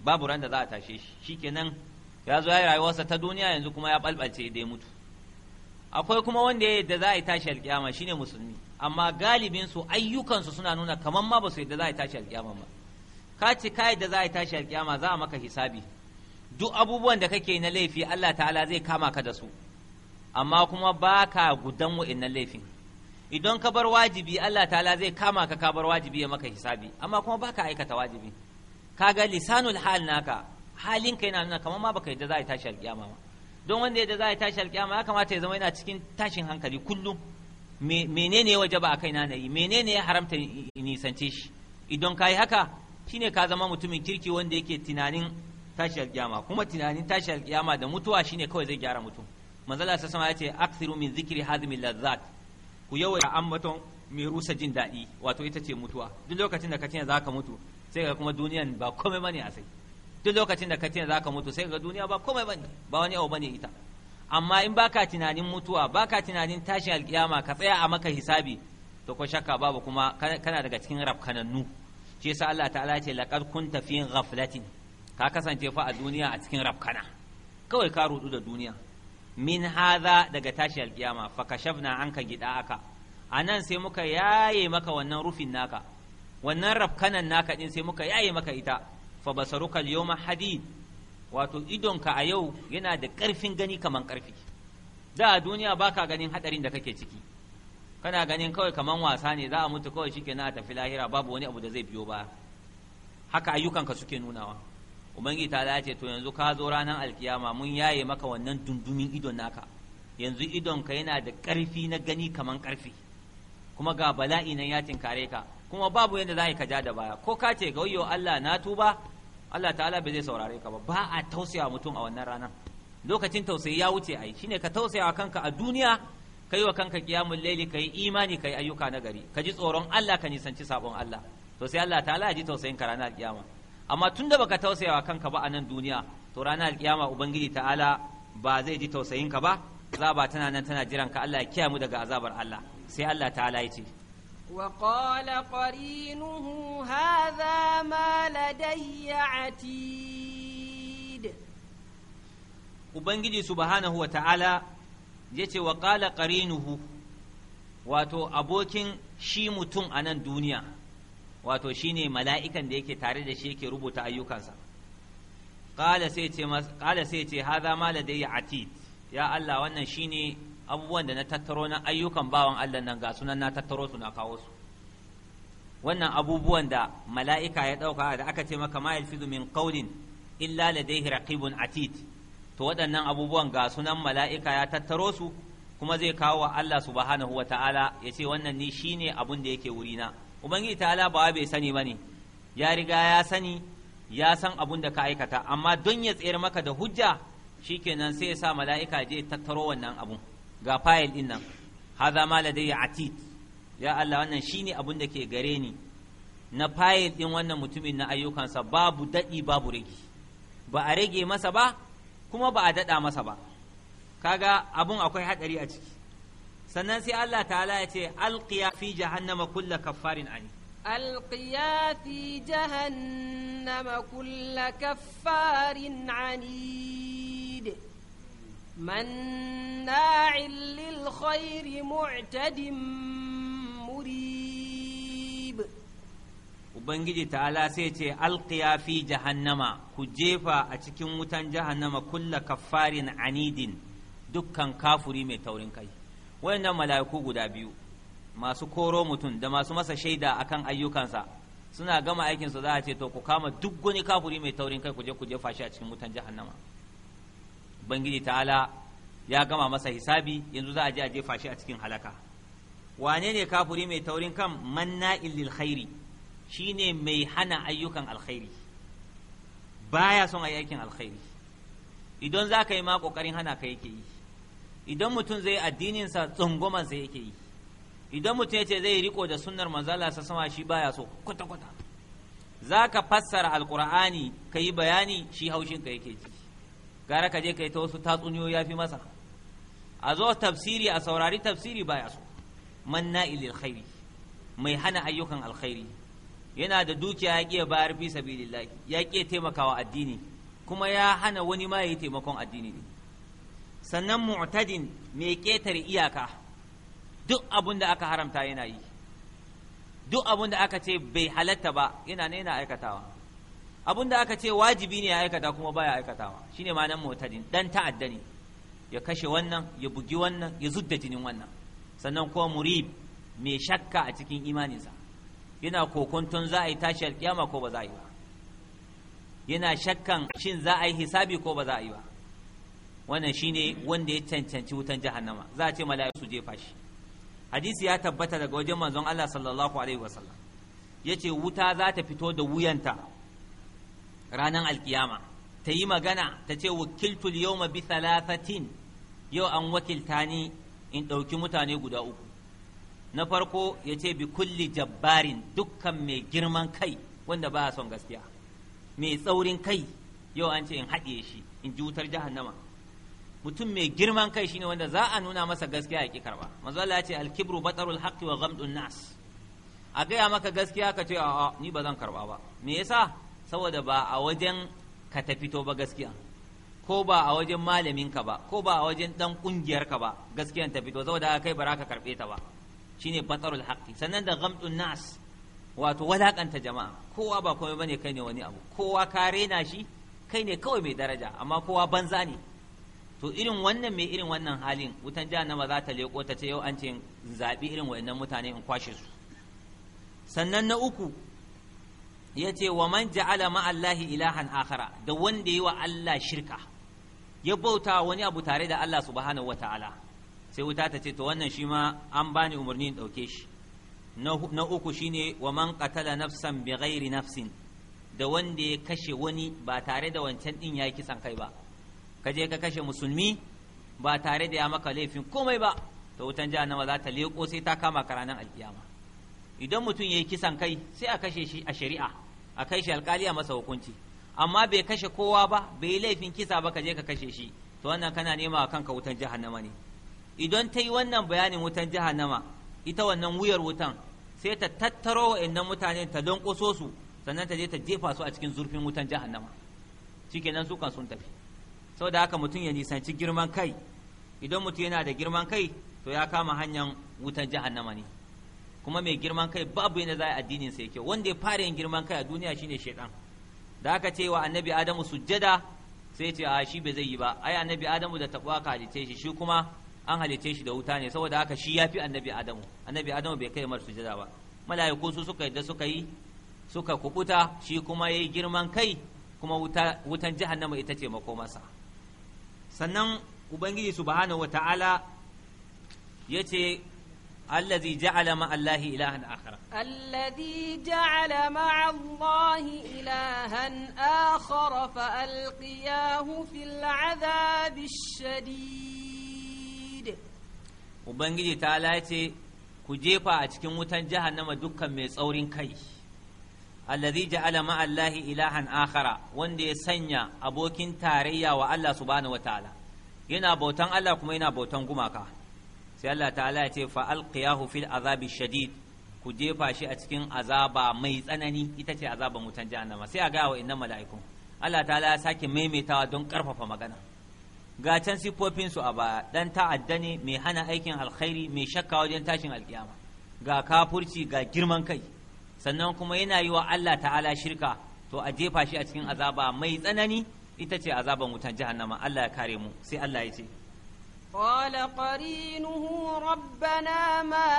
babu ran da za a tashe shi shi kenan ya zo ya yi rayuwarsa ta duniya yanzu kuma ya balbalce da ya mutu akwai kuma wanda ya yadda za a yi tashi alkiyama shine musulmi amma galibin su ayyukan suna nuna kamar ma ba su yadda za a tashi alkiyama ba ka ce ka yadda za a tashi alkiyama za a maka hisabi duk abubuwan da kake na laifi Allah ta'ala zai kama ka da su amma kuma ba ka gudan wa'innan laifin idan ka bar wajibi Allah ta'ala zai kama ka ka bar wajibi ya maka hisabi amma kuma ba ka aikata wajibi ka ga lisanul hal naka halin ka yana nuna kamar ma ba ka yadda za a tashi alkiyama ba don wanda yadda za a tashi alkiyama ya kamata ya zama yana cikin tashin hankali kullum menene waje ba a kai na yi menene ya haramta nisance shi idan ka yi haka shine ka zama mutumin kirki wanda yake tunanin tashi alkiyama kuma tunanin tashi alkiyama da mutuwa shine kawai zai gyara mutum manzala sa sama yace akthiru min zikri hazmi lazzat ku yawaita ambaton mai rusa jin daɗi wato ita ce mutuwa duk lokacin da ka za zaka mutu sai ka kuma duniyan ba komai bane a sai duk lokacin da ka za zaka mutu sai ka ga duniya ba komai bane ba wani abu bane ita amma in baka tunanin mutuwa baka tunanin tashin alkiyama ka tsaya a maka hisabi to ko shakka babu kuma kana daga cikin rafkanannu shi yasa Allah ta'ala ce laqad kunta fi ghaflatin ka kasance fa a duniya a cikin rafkana kawai ka rudu da duniya min hadha daga tashin alkiyama fa kashafna anka gida'aka anan sai muka yaye maka wannan rufin naka wannan rafkanan naka din sai muka yaye maka ita fa basaruka al-yawma hadid wato idonka a yau yana da ƙarfin gani kaman ƙarfi da a duniya baka ganin hadarin da kake ciki kana ganin kawai kaman wasa ne za a mutu kawai shi na tafi lahira babu wani abu da zai biyo ba haka ayyukanka suke nunawa ubangiji ta dace to yanzu ka zo ranar alkiyama mun yaye maka wannan dundumin idon naka yanzu idonka yana da ƙarfi na gani kaman ƙarfi kuma ga bala'i nan ya tinkare ka kuma babu yadda za ka ja da baya ko ka ce ga Allah na tuba Allah ta'ala bai zai saurare ka ba ba a tausaya mutum a wannan ranar lokacin tausayi ya wuce ai shine ka tausaya wa kanka a duniya kai wa kanka laili ka yi imani ka yi ayyuka na gari ka ji tsoron Allah ka nisanci sabon Allah to sai Allah ta'ala ya ji tausayin ka ranar kiyama amma tunda baka tausaya wa kanka ba a nan duniya to ranar kiyama ubangiji ta'ala ba zai ji tausayin ka ba ba tana nan tana jiran ka Allah ya kiyamu daga azabar Allah sai Allah ta'ala ya ce وقال قرينه هذا ما لدي عتيد Ubangiji subhanahu wa ta'ala ya ce wa ƙala ƙarinuhu wato abokin shi mutum a nan duniya wato shi ne mala'ikan da yake tare da shi yake rubuta ayyukansa. Ƙala sai ce, haza ma ladayya atid, ya Allah wannan shi ne abubuwan da na tattaro na ayyukan bawan Allah nan ga sunan na tattaro su na kawo su wannan abubuwan da mala'ika ya ɗauka da aka ce maka ma yalfizu min qawlin illa ladayhi raqibun atid to waɗannan abubuwan ga sunan mala'ika ya tattaro su kuma zai kawo wa Allah subhanahu wa ta'ala ya ce wannan ni shine abun da yake wurina ubangiji ta'ala ba bai sani bane ya riga ya sani ya san abun da ka aikata amma don ya tsayar maka da hujja shikenan sai ya sa mala'ika je tattaro wannan abun ga fayil ɗin nan hadha ma ladayya atid ya Allah wannan shine abun da ke gare ni na fayil ɗin wannan mutumin na ayyukansa babu daɗi babu rage ba a rage masa ba kuma ba a daɗa masa ba kaga abun akwai hadari a ciki sannan sai Allah ta'ala ya ce alqiya fi jahannama kullu kaffarin ani ألقيا fi jahannama كل kaffarin ani. مناع للخير معتد مريب Ubangiji ta'ala sai ce alƙiya fi jahannama ku jefa a cikin wutan jahannama kulla kafarin anidin dukkan kafuri mai taurin kai wayannan mala'iku guda biyu masu koro mutum da masu masa shaida akan ayyukansa suna gama aikinsu za a ce to ku kama duk wani kafuri mai taurin kai ku je ku jefa shi a cikin wutan jahannama ubangiji ta'ala ya gama masa hisabi yanzu za a je a jefa shi a cikin halaka wane ne kafuri mai taurin kan manna'il lil khairi shine mai hana ayyukan alkhairi baya son ayi aikin alkhairi idan za ka yi ma kokarin hana ka yake yi idan mutum zai addinin sa tsungumar sa yake yi idan mutum ya ce zai riko da sunnar manzala sa sama shi baya so kwata kwata za ka fassara alkur'ani ka yi bayani shi haushin ka yake ji gara ka je ka yi ta wasu tatsuniyoyi ya fi masa a zo tafsiri a saurari tafsiri baya so manna ilil mai hana ayyukan alkhairi yana da dukiya ya ƙiya bayar fi sabilillahi ya ƙiya taimakawa addini kuma ya hana wani ma yi taimakon addini sannan mu'tadin mai ketare iyaka duk abun da aka haramta yana yi duk abun da aka ce bai halatta ba yana ne yana aikatawa Abun da aka ce wajibi ne ya aikata kuma baya aikatawa shine ma nan mutadin dan ta'adda ne ya kashe wannan ya bugi wannan ya zudda jinin wannan sannan kuma murib mai shakka a cikin imaninsa yana kokonton za a yi tashi alkiyama ko ba za a yi ba yana shakkan shin za a yi hisabi ko ba za a yi ba wannan shine wanda ya cancanci wutan jahannama za a ce mala'iku su jefa shi hadisi ya tabbata daga wajen manzon Allah sallallahu alaihi wasallam yace wuta za ta fito da wuyanta ranar alkiyama ta yi magana ta ce wakiltul ma bi thalathatin yau an wakilta ni in ɗauki mutane guda uku na farko ya ce bi kulli jabbarin dukkan mai girman kai wanda ba son gaskiya mai tsaurin kai yau an ce in haɗe shi in ji wutar jahannama mutum mai girman kai shine wanda za a nuna masa gaskiya ya ƙi karɓa manzo ce batarul haqqi wa ghamdun nas a gaya maka gaskiya ka ce a'a ni ba zan karba ba me yasa saboda ba a wajen ka ta fito ba gaskiya ko ba a wajen malaminka ba ko ba a wajen dan kungiyarka ba gaskiya ta fito saboda kai ba ka karbe ta ba shine batarul haqqi sannan da ghamdun nas wato walakanta jama'a kowa ba komai bane kai ne wani abu kowa ka rena shi kai ne kawai mai daraja amma kowa banza ne to irin wannan mai irin wannan halin wutan jahannama za ta leko ta ce yau an ce zabi irin wayannan mutane in kwashe su sannan na uku ya ce wa man ja'ala ma'allahi ilahan akhara da wanda yi wa Allah shirka ya bauta wani abu tare da Allah subhanahu wa ta'ala sai wuta ta ce to wannan shi ma an bani umarni in ɗauke shi na uku shine wa man qatala nafsan bi ghairi nafsin da wanda ya kashe wani ba tare da wancan din yayi kisan kai ba ka je ka kashe musulmi ba tare da ya maka laifin komai ba to wutan jahannama za ta leko sai ta kama ka ranar alkiyama idan mutum ya yi kisan kai sai a kashe shi a shari'a a kai shi alkali a masa hukunci amma bai kashe kowa ba bai laifin kisa ba ka je ka kashe shi to wannan kana nema a kanka wutan jahannama ne idan ta yi wannan bayanin wutan jahannama ita wannan wuyar wutan sai ta tattaro wa'annan mutane ta donƙoso su sannan ta je ta jefa su a cikin zurfin wutan jahannama shikenan su kan sun tafi saboda haka mutum ya nisanci girman kai idan mutum yana da girman kai to ya kama hanyar wutan jahannama ne kuma mai girman kai babu yana za addinin sa yake wanda ya fara yin girman kai a duniya shine shaitan da aka ce wa annabi adamu sujjada sai ce a shi bai zai yi ba ai annabi adamu da taɓuwa ka halice shi shi kuma an halice shi da wuta ne saboda haka shi ya fi annabi adamu annabi adamu bai kai mar sujjada ba mala'iku su suka yadda suka yi suka kubuta shi kuma ya yi girman kai kuma wutan jahannama ita ce masa. sannan ubangiji subhanahu wata'ala ya ce الذي جعل مع الله إلها آخر الذي جعل مع الله إلها آخر فألقياه في العذاب الشديد وبنجي تعالى ku jefa a cikin wutan jahannama dukkan mai tsaurin kai alladhi ja'ala ma Allahi ilahan akhara wanda ya sanya abokin tarayya wa Allah subhanahu wataala yana bautan Allah kuma yana bautan gumaka sai Allah ta'ala ya ce fa alqiyahu fil azabi shadid ku jefa shi a cikin azaba mai tsanani ita ce azaban wutan jahannama sai a ga wa innan mala'ikun Allah ta'ala ya sake maimaitawa don karfafa magana ga can siffofin su a baya dan ta'adda ne mai hana aikin alkhairi mai shakka wajen tashin alkiyama ga kafurci ga girman kai sannan kuma yana yi wa Allah ta'ala shirka to a jefa shi a cikin azaba mai tsanani ita ce azaban wutan jahannama Allah ya kare mu sai Allah ya ce قال قرينه ربنا ما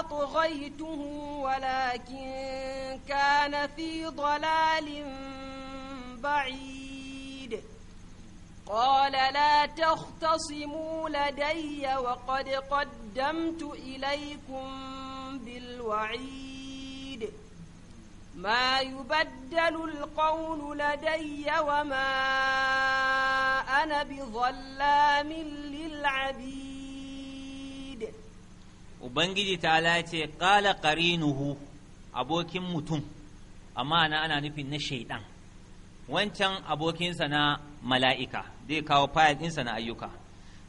أطغيته ولكن كان في ضلال بعيد قال لا تختصموا لدي وقد قدمت إليكم بالوعيد ما يبدل القول لدي وما أنا بظلام للعبيد وبنجي تعالى قال قرينه abokin mutum amma na ana nufin na shaidan wancan abokinsa na mala'ika zai kawo fayil ɗinsa na ayyuka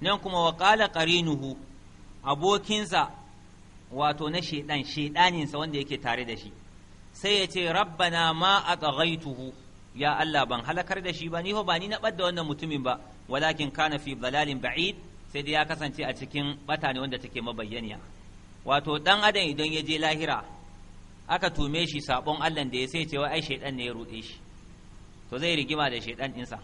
nan kuma wa ƙala ƙarinuhu abokinsa wato na shaidan shaidaninsa wanda yake tare da shi sai ya ce rabbana ma a tsagaituhu ya Allah ban halakar da shi ba ni ba ni na ɓadda wannan mutumin ba walakin kana fi dalalin ba'id sai dai ya kasance a cikin bata wanda take mabayyaniya wato dan adam idan ya je lahira aka tume shi sabon Allah da ya sai cewa ai shaidan ne ya rude shi to zai rigima da shaidan ɗinsa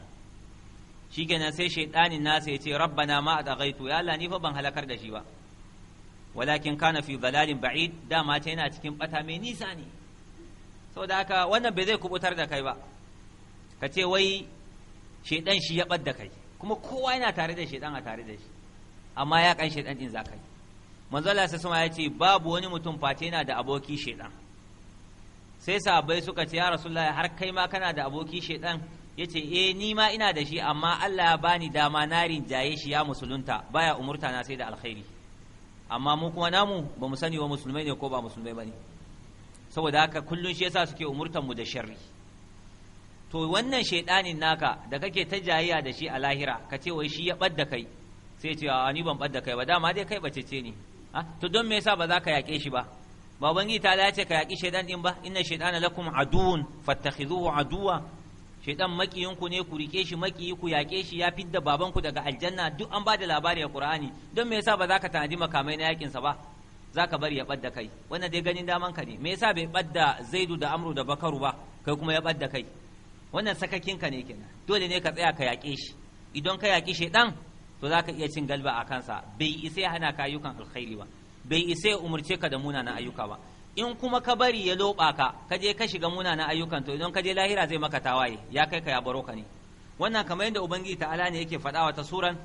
shikenan sai shaidanin nasa ya ce rabbana ma a tsagaitu ya Allah ni fa ban halakar da shi ba walakin kana fi dalalin ba'id dama ta yana cikin bata mai nisa ne da haka wannan bai zai kubutar da kai ba ka ce wai shaidan shi ya ɓad da kai kuma kowa yana tare da shaidan a tare da shi amma ya kan shaidan din za ka yi manzo sai ya ce babu wani mutum face yana da aboki shaiɗan sai sahabbai suka ce ya rasulullah har kai ma kana da aboki shaiɗan yace eh ni ma ina da shi amma Allah ya bani dama na jaye shi ya musulunta baya umurta na sai da alkhairi amma mu kuma namu ba mu sani wa musulmai ne ko ba musulmai bane saboda haka kullun shi yasa suke umurtan mu da sharri to wannan shaidanin naka da kake ta jayayya da shi a lahira ka ce wai shi ya badda kai sai ce a ni ban badda kai ba dama dai kai bacece ne ah, to don me yasa ba za ka yaƙe shi ba baban yi ta ce ka yaƙi shaidan din ba inna shaidana lakum aduun fattakhidhuhu aduwa shaidan makiyin ne ku rike shi makiyi ku yaƙe shi ya fidda baban ku daga aljanna duk an ba da labari a qur'ani don me yasa ba za ka tanadi makamai na yakin sa ba Za ka bari ya ɓadda kai wannan dai ganin daman ka ne me yasa bai ɓadda zaidu da amru da bakaru ba kai kuma ya ɓadda kai wannan sakakin ka ne kenan dole ne ka tsaya ka yaƙe shi idan ka yaƙi dan to za ka iya cin galba a kansa bai isa ya hana ka ayyukan alkhairi ba bai isa ya umurce ka da munanan ayyuka ba in kuma ka bari ya loba ka ka je ka shiga munanan ayyukan to idan ka je lahira zai maka tawaye ya kai ka ya baro ka ne wannan kamar yadda ubangiji ta'ala ne yake faɗa wa ta suran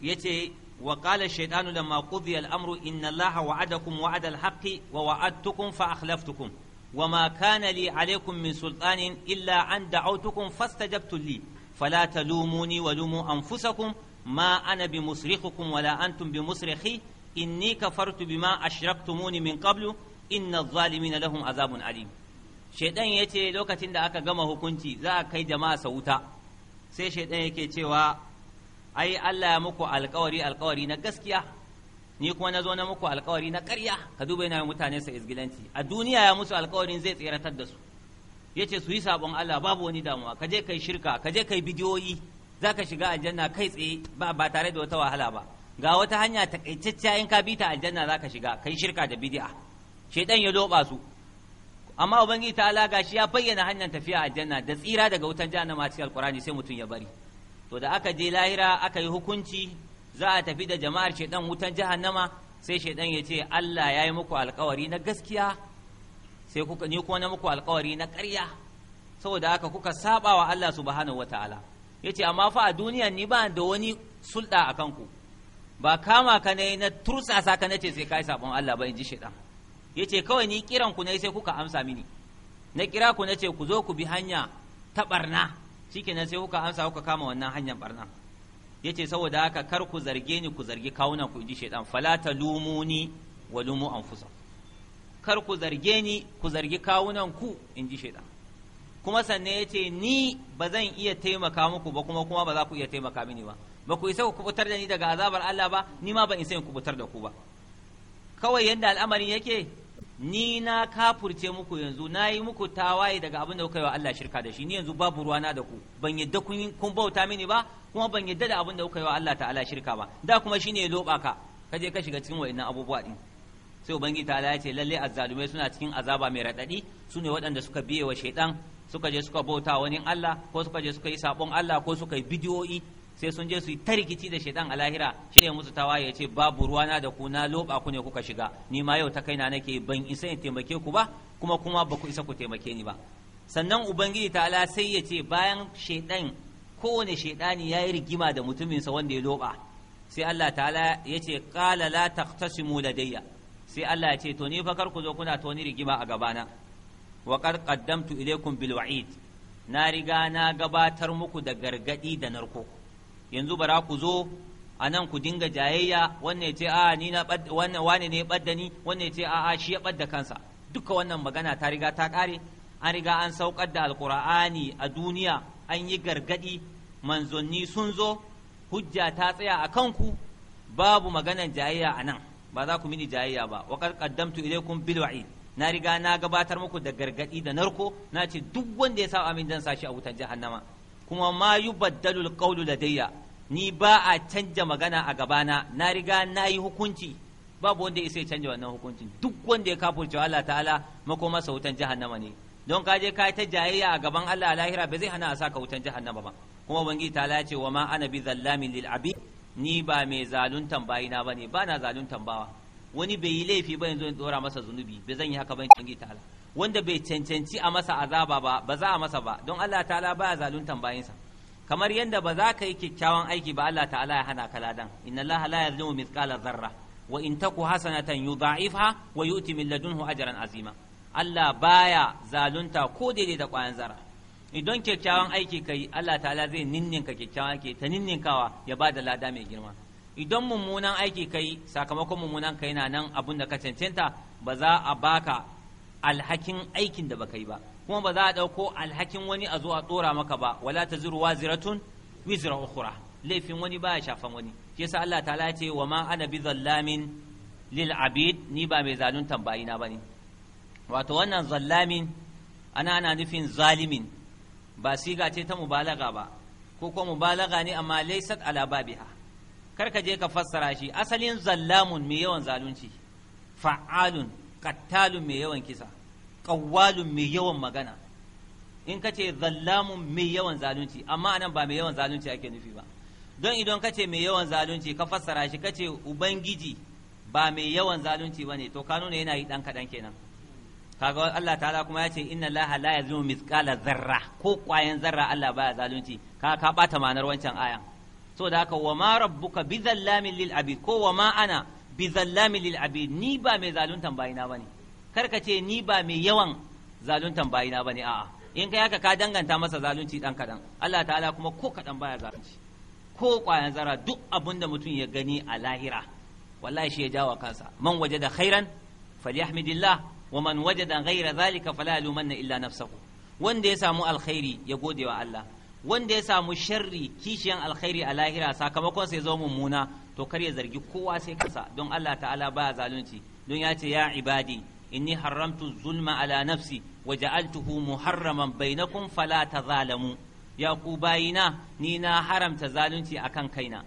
yace wa qala shaytanu lamma qudiya al-amru inna allaha wa'adakum wa'ada al-haqqi wa wa'adtukum fa akhlaftukum وما كان لي عليكم من سلطان إلا أن دعوتكم فاستجبتم لي فلا تلوموني ولوموا أنفسكم ما أنا بمصرخكم ولا أنتم بمصرخي إني كفرت بما أشركتموني من قبل إن الظالمين لهم عذاب أليم شيطان يتي لوكتين دا أكا غما هكونتي ذا كي جماعة سوتا سي شيطان يكي تيوا ai Allah ya muku alkawari alkawari na gaskiya ni kuma na zo na muku alkawari na ƙarya ka duba yana mutane sa izgilanci a duniya ya musu alkawarin zai tseratar da su yace su yi sabon Allah babu wani damuwa ka je kai shirka ka je kai bidiyoyi zaka shiga aljanna kai tsaye ba ba tare da wata wahala ba ga wata hanya takaitacciya in ka bita aljanna zaka shiga kai shirka da bidi'a. shedan ya loba su amma ubangiji ta alaga shi ya bayyana hanyar tafiya aljanna da tsira daga wutan jahannama cikin alqur'ani sai mutum ya bari to da aka je lahira aka yi hukunci za a tafi da jama'ar shaidan wutan jahannama sai shaidan ya ce Allah ya yi muku alkawari na gaskiya sai kuka ni kuma na muku alkawari na ƙarya saboda haka kuka saba wa Allah subhanahu wataala yace amma fa a duniya ni ba da wani sulɗa a kanku ba kama ka ne na tursasa ka ce sai yi saɓon Allah ba in ji shaidan yace kawai ni kiran ku ne sai kuka amsa mini na kira ku nace ku zo ku bi hanya ta ɓarna shikenan sai kuka amsa kuka kama wannan hanyar barna yace saboda haka kar ku zarge ni ku zargi kawunan ku inji Falata fala talumuni wa lumu anfusakum kar ku zarge ni ku zargi kawunan ku inji shaidan. kuma sanne yace ni ba zan iya taimaka muku ba kuma kuma ba za ku iya taimaka mini ba ba ku isa ku kubutar da ni daga azabar Allah ba ni ma ban isa in kubutar da ku ba kawai yanda al'amarin yake ni na kafurce muku yanzu na yi muku tawaye daga abin da kuka yi wa Allah shirka da shi ni yanzu babu na da ku ban yadda kun bauta mini ba kuma ban yadda da abin da kuka yi wa Allah ta'ala shirka ba da kuma shine ya loba ka ka je ka shiga cikin wa'annan abubuwa din sai ubangiji ta'ala ya ce lalle azzalumai suna cikin azaba mai radadi su ne waɗanda suka biye wa shaidan suka je suka bauta wani Allah ko suka je suka yi sabon Allah ko suka yi bidiyoyi sai sun je su yi rikici da shaidan a lahira shi ne musu tawa ya ce babu ruwana da ku na loba ku ne kuka shiga ni ma yau ta kaina nake ban isa in taimake ku ba kuma kuma ba ku isa ku taimake ni ba sannan ubangiji ala sai ya ce bayan shaidan kowane shaidani ya yi rigima da mutuminsa wanda ya loba sai Allah ta'ala ya ce kala la taqtasimu ladayya sai Allah ya ce to ni fa ku zo kuna ta wani rigima a gabana wa qad qaddamtu ilaykum bil na riga na gabatar muku da gargadi da narko yanzu bara ku zo a nan ku dinga jayayya wanne ce a ni na wannan wane ne badda ni wanne ce a a shi ya badda kansa duka wannan magana ta riga ta kare an riga an saukar da alqur'ani a duniya an yi gargadi manzonni sun zo hujja ta tsaya a kanku babu maganan jayayya a nan ba za ku mini jayayya ba wa qad qaddamtu ilaykum bil na riga na gabatar muku da gargadi da narko na ce duk wanda ya sa min dan sashi a wutar jahannama kuma ma yubaddalu alqawlu ladayya ni ba a canja magana a gabana na riga na yi hukunci babu wanda ya sai canja wannan hukuncin duk wanda ya kafurce Allah ta'ala makoma masa wutan jahannama ne don ka je ka ta jayayya a gaban Allah a lahira ba zai hana a saka wutan jahannama ba kuma ubangiji ta'ala ya ce wa ma ana bi zallamin lil abi ni ba mai zaluntan bayina bane ba na zaluntan bawa wani bai yi laifi ba yanzu in dora masa zunubi bai zan yi haka ba ubangiji ta'ala wanda bai cancanci a masa azaba ba ba za a masa ba don Allah ta'ala ba zaluntan bayinsa kamar yadda ba za ka yi kyakkyawan aiki ba Allah ta'ala ya hana ka ladan inna Allah la yazlimu mithqala zarra wa in taku hasanatan yudha'ifha wa yu'ti min ladunhu ajran azima Allah baya zalunta ko daidai da ƙwayan zara idan kyakkyawan aiki kai Allah ta'ala zai ninninka kyakkyawan aiki ta ninninkawa ya ba da lada mai girma idan mummunan aiki kai sakamakon mummunan kai na nan abun da ka cancanta ba za a baka alhakin aikin da baka yi ba kuma ba za a ɗauko alhakin wani a zo a ɗora maka ba wala ta ziru ziratun wizra ukhra laifin wani baya shafan wani shi yasa Allah ta'ala ce wa ma ana bi zallamin lil abid ni ba mai zaluntan bayina bane wato wannan zallamin ana ana nufin zalimin ba siga ce ta mubalaga ba ko kuma mubalaga ne amma laysat ala babiha kar ka je ka fassara shi asalin zallamun mai yawan zalunci fa'alun qattalun mai yawan kisa qawwalun mai yawan magana in ka ce zallamun mai yawan zalunci amma anan ba mai yawan zalunci ake nufi ba don idan ka ce mai yawan zalunci ka fassara shi ka ce ubangiji ba mai yawan zalunci ba ne to ka nuna yana yi ɗan kaɗan kenan kaga Allah ta'ala kuma ya ce inna laha la yazlimu mithqala zarra ko kwayan zarra Allah baya zalunci ka ka bata ma'anar wancan ayan so da haka wa ma rabbuka bizallamin lil abid ko wa ma ana bizallamin lil abid ni ba mai zaluntan bayina bane kar ka ce ni ba mai yawan zaluntan bayina ne. a'a in kai haka ka danganta masa zalunci dan kadan Allah ta'ala kuma ko kadan baya zalunci ko kwayan zara duk abin da mutum ya gani a lahira wallahi shi ya jawo kansa man wajada khairan falyahmidillah wa man wajada ghaira zalika fala yalumanna illa nafsahu wanda ya samu alkhairi ya gode wa Allah wanda ya samu sharri kishiyan alkhairi a lahira sakamakon sai zo mummuna to kar ya zargi kowa sai kansa don Allah ta'ala baya zalunci don ya ce ya ibadi inni haramtu zulma ala nafsi wa ja'altuhu muharraman bainakum fala tazalamu ya ku bayina ni na haramta zalunci akan kaina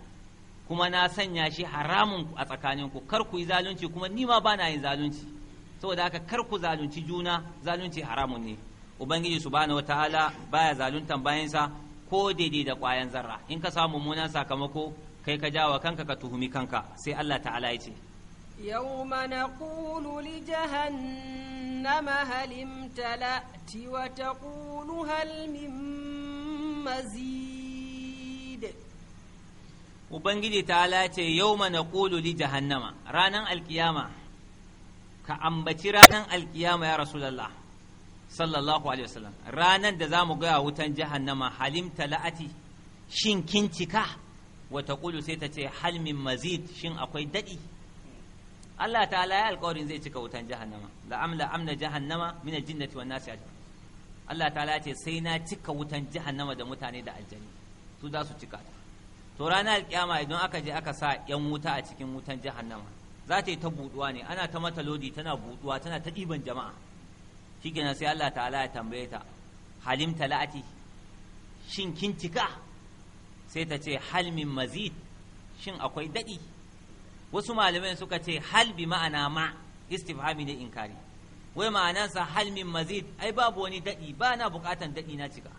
kuma na sanya shi haramun a tsakaninku kar ku yi zalunci kuma ni ma bana yin zalunci saboda haka kar ku zalunci juna zalunci haramun ne ubangiji subhanahu wataala baya zaluntan bayansa ko daidai da kwayan zarra in ka samu mummunan sakamako kai ka jawa kanka ka tuhumi kanka sai Allah ta'ala ya ce يوم نقول لجهنم هل امتلأت وتقول هل من مزيد Ubangiji ta ce yau mana ƙulu li jahannama ranar alkiyama ka ambaci ranar alkiyama ya Rasulallah sallallahu alaihi wasallam ranar da za mu gaya wutan jahannama halimta la'ati shin kin cika wata ƙulu sai ta ce halmin mazid shin akwai daɗi Allah ta'ala ya alƙawarin zai cika wutan jahannama la amla amna jahannama min jinnati wan nasi Allah ta'ala ce sai na cika wutan jahannama da mutane da aljani su za su cika ta to ranar alƙiyama idan aka je aka sa yan wuta a cikin wutan jahannama za ta yi ta buɗuwa ne ana ta mata lodi tana buɗuwa tana ta ɗiban jama'a shikenan sai Allah ta'ala ya tambaye ta halim talati shin kin cika sai ta ce halmin mazid shin akwai daɗi wasu malamai suka ce hal bi ma'ana ma istifhami ne inkari wai ma'anansa halmin min mazid ai babu wani dadi ba na bukatan dadi na cika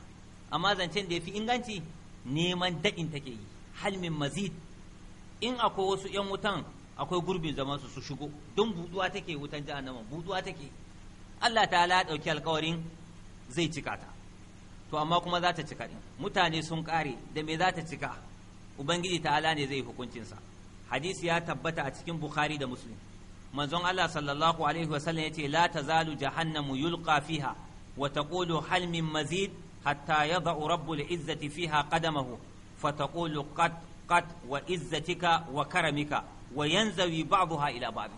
amma zancen da yafi inganci neman dadin take yi hal min mazid in akwai wasu yan wutan akwai gurbin zaman su su shigo don buduwa take wutan jahannama buduwa take Allah ta'ala ya dauki alkawarin zai cika ta to amma kuma za ta cika din mutane sun kare da me za ta cika ubangiji ta'ala ne zai hukuncinsa hadisi ya tabbata a cikin bukhari da muslim manzon Allah yace la tazalu jahannamu yulqa fiha fiha qadamahu فتقول قد قد وعزتك وكرمك وينزوي بعضها إلى بعض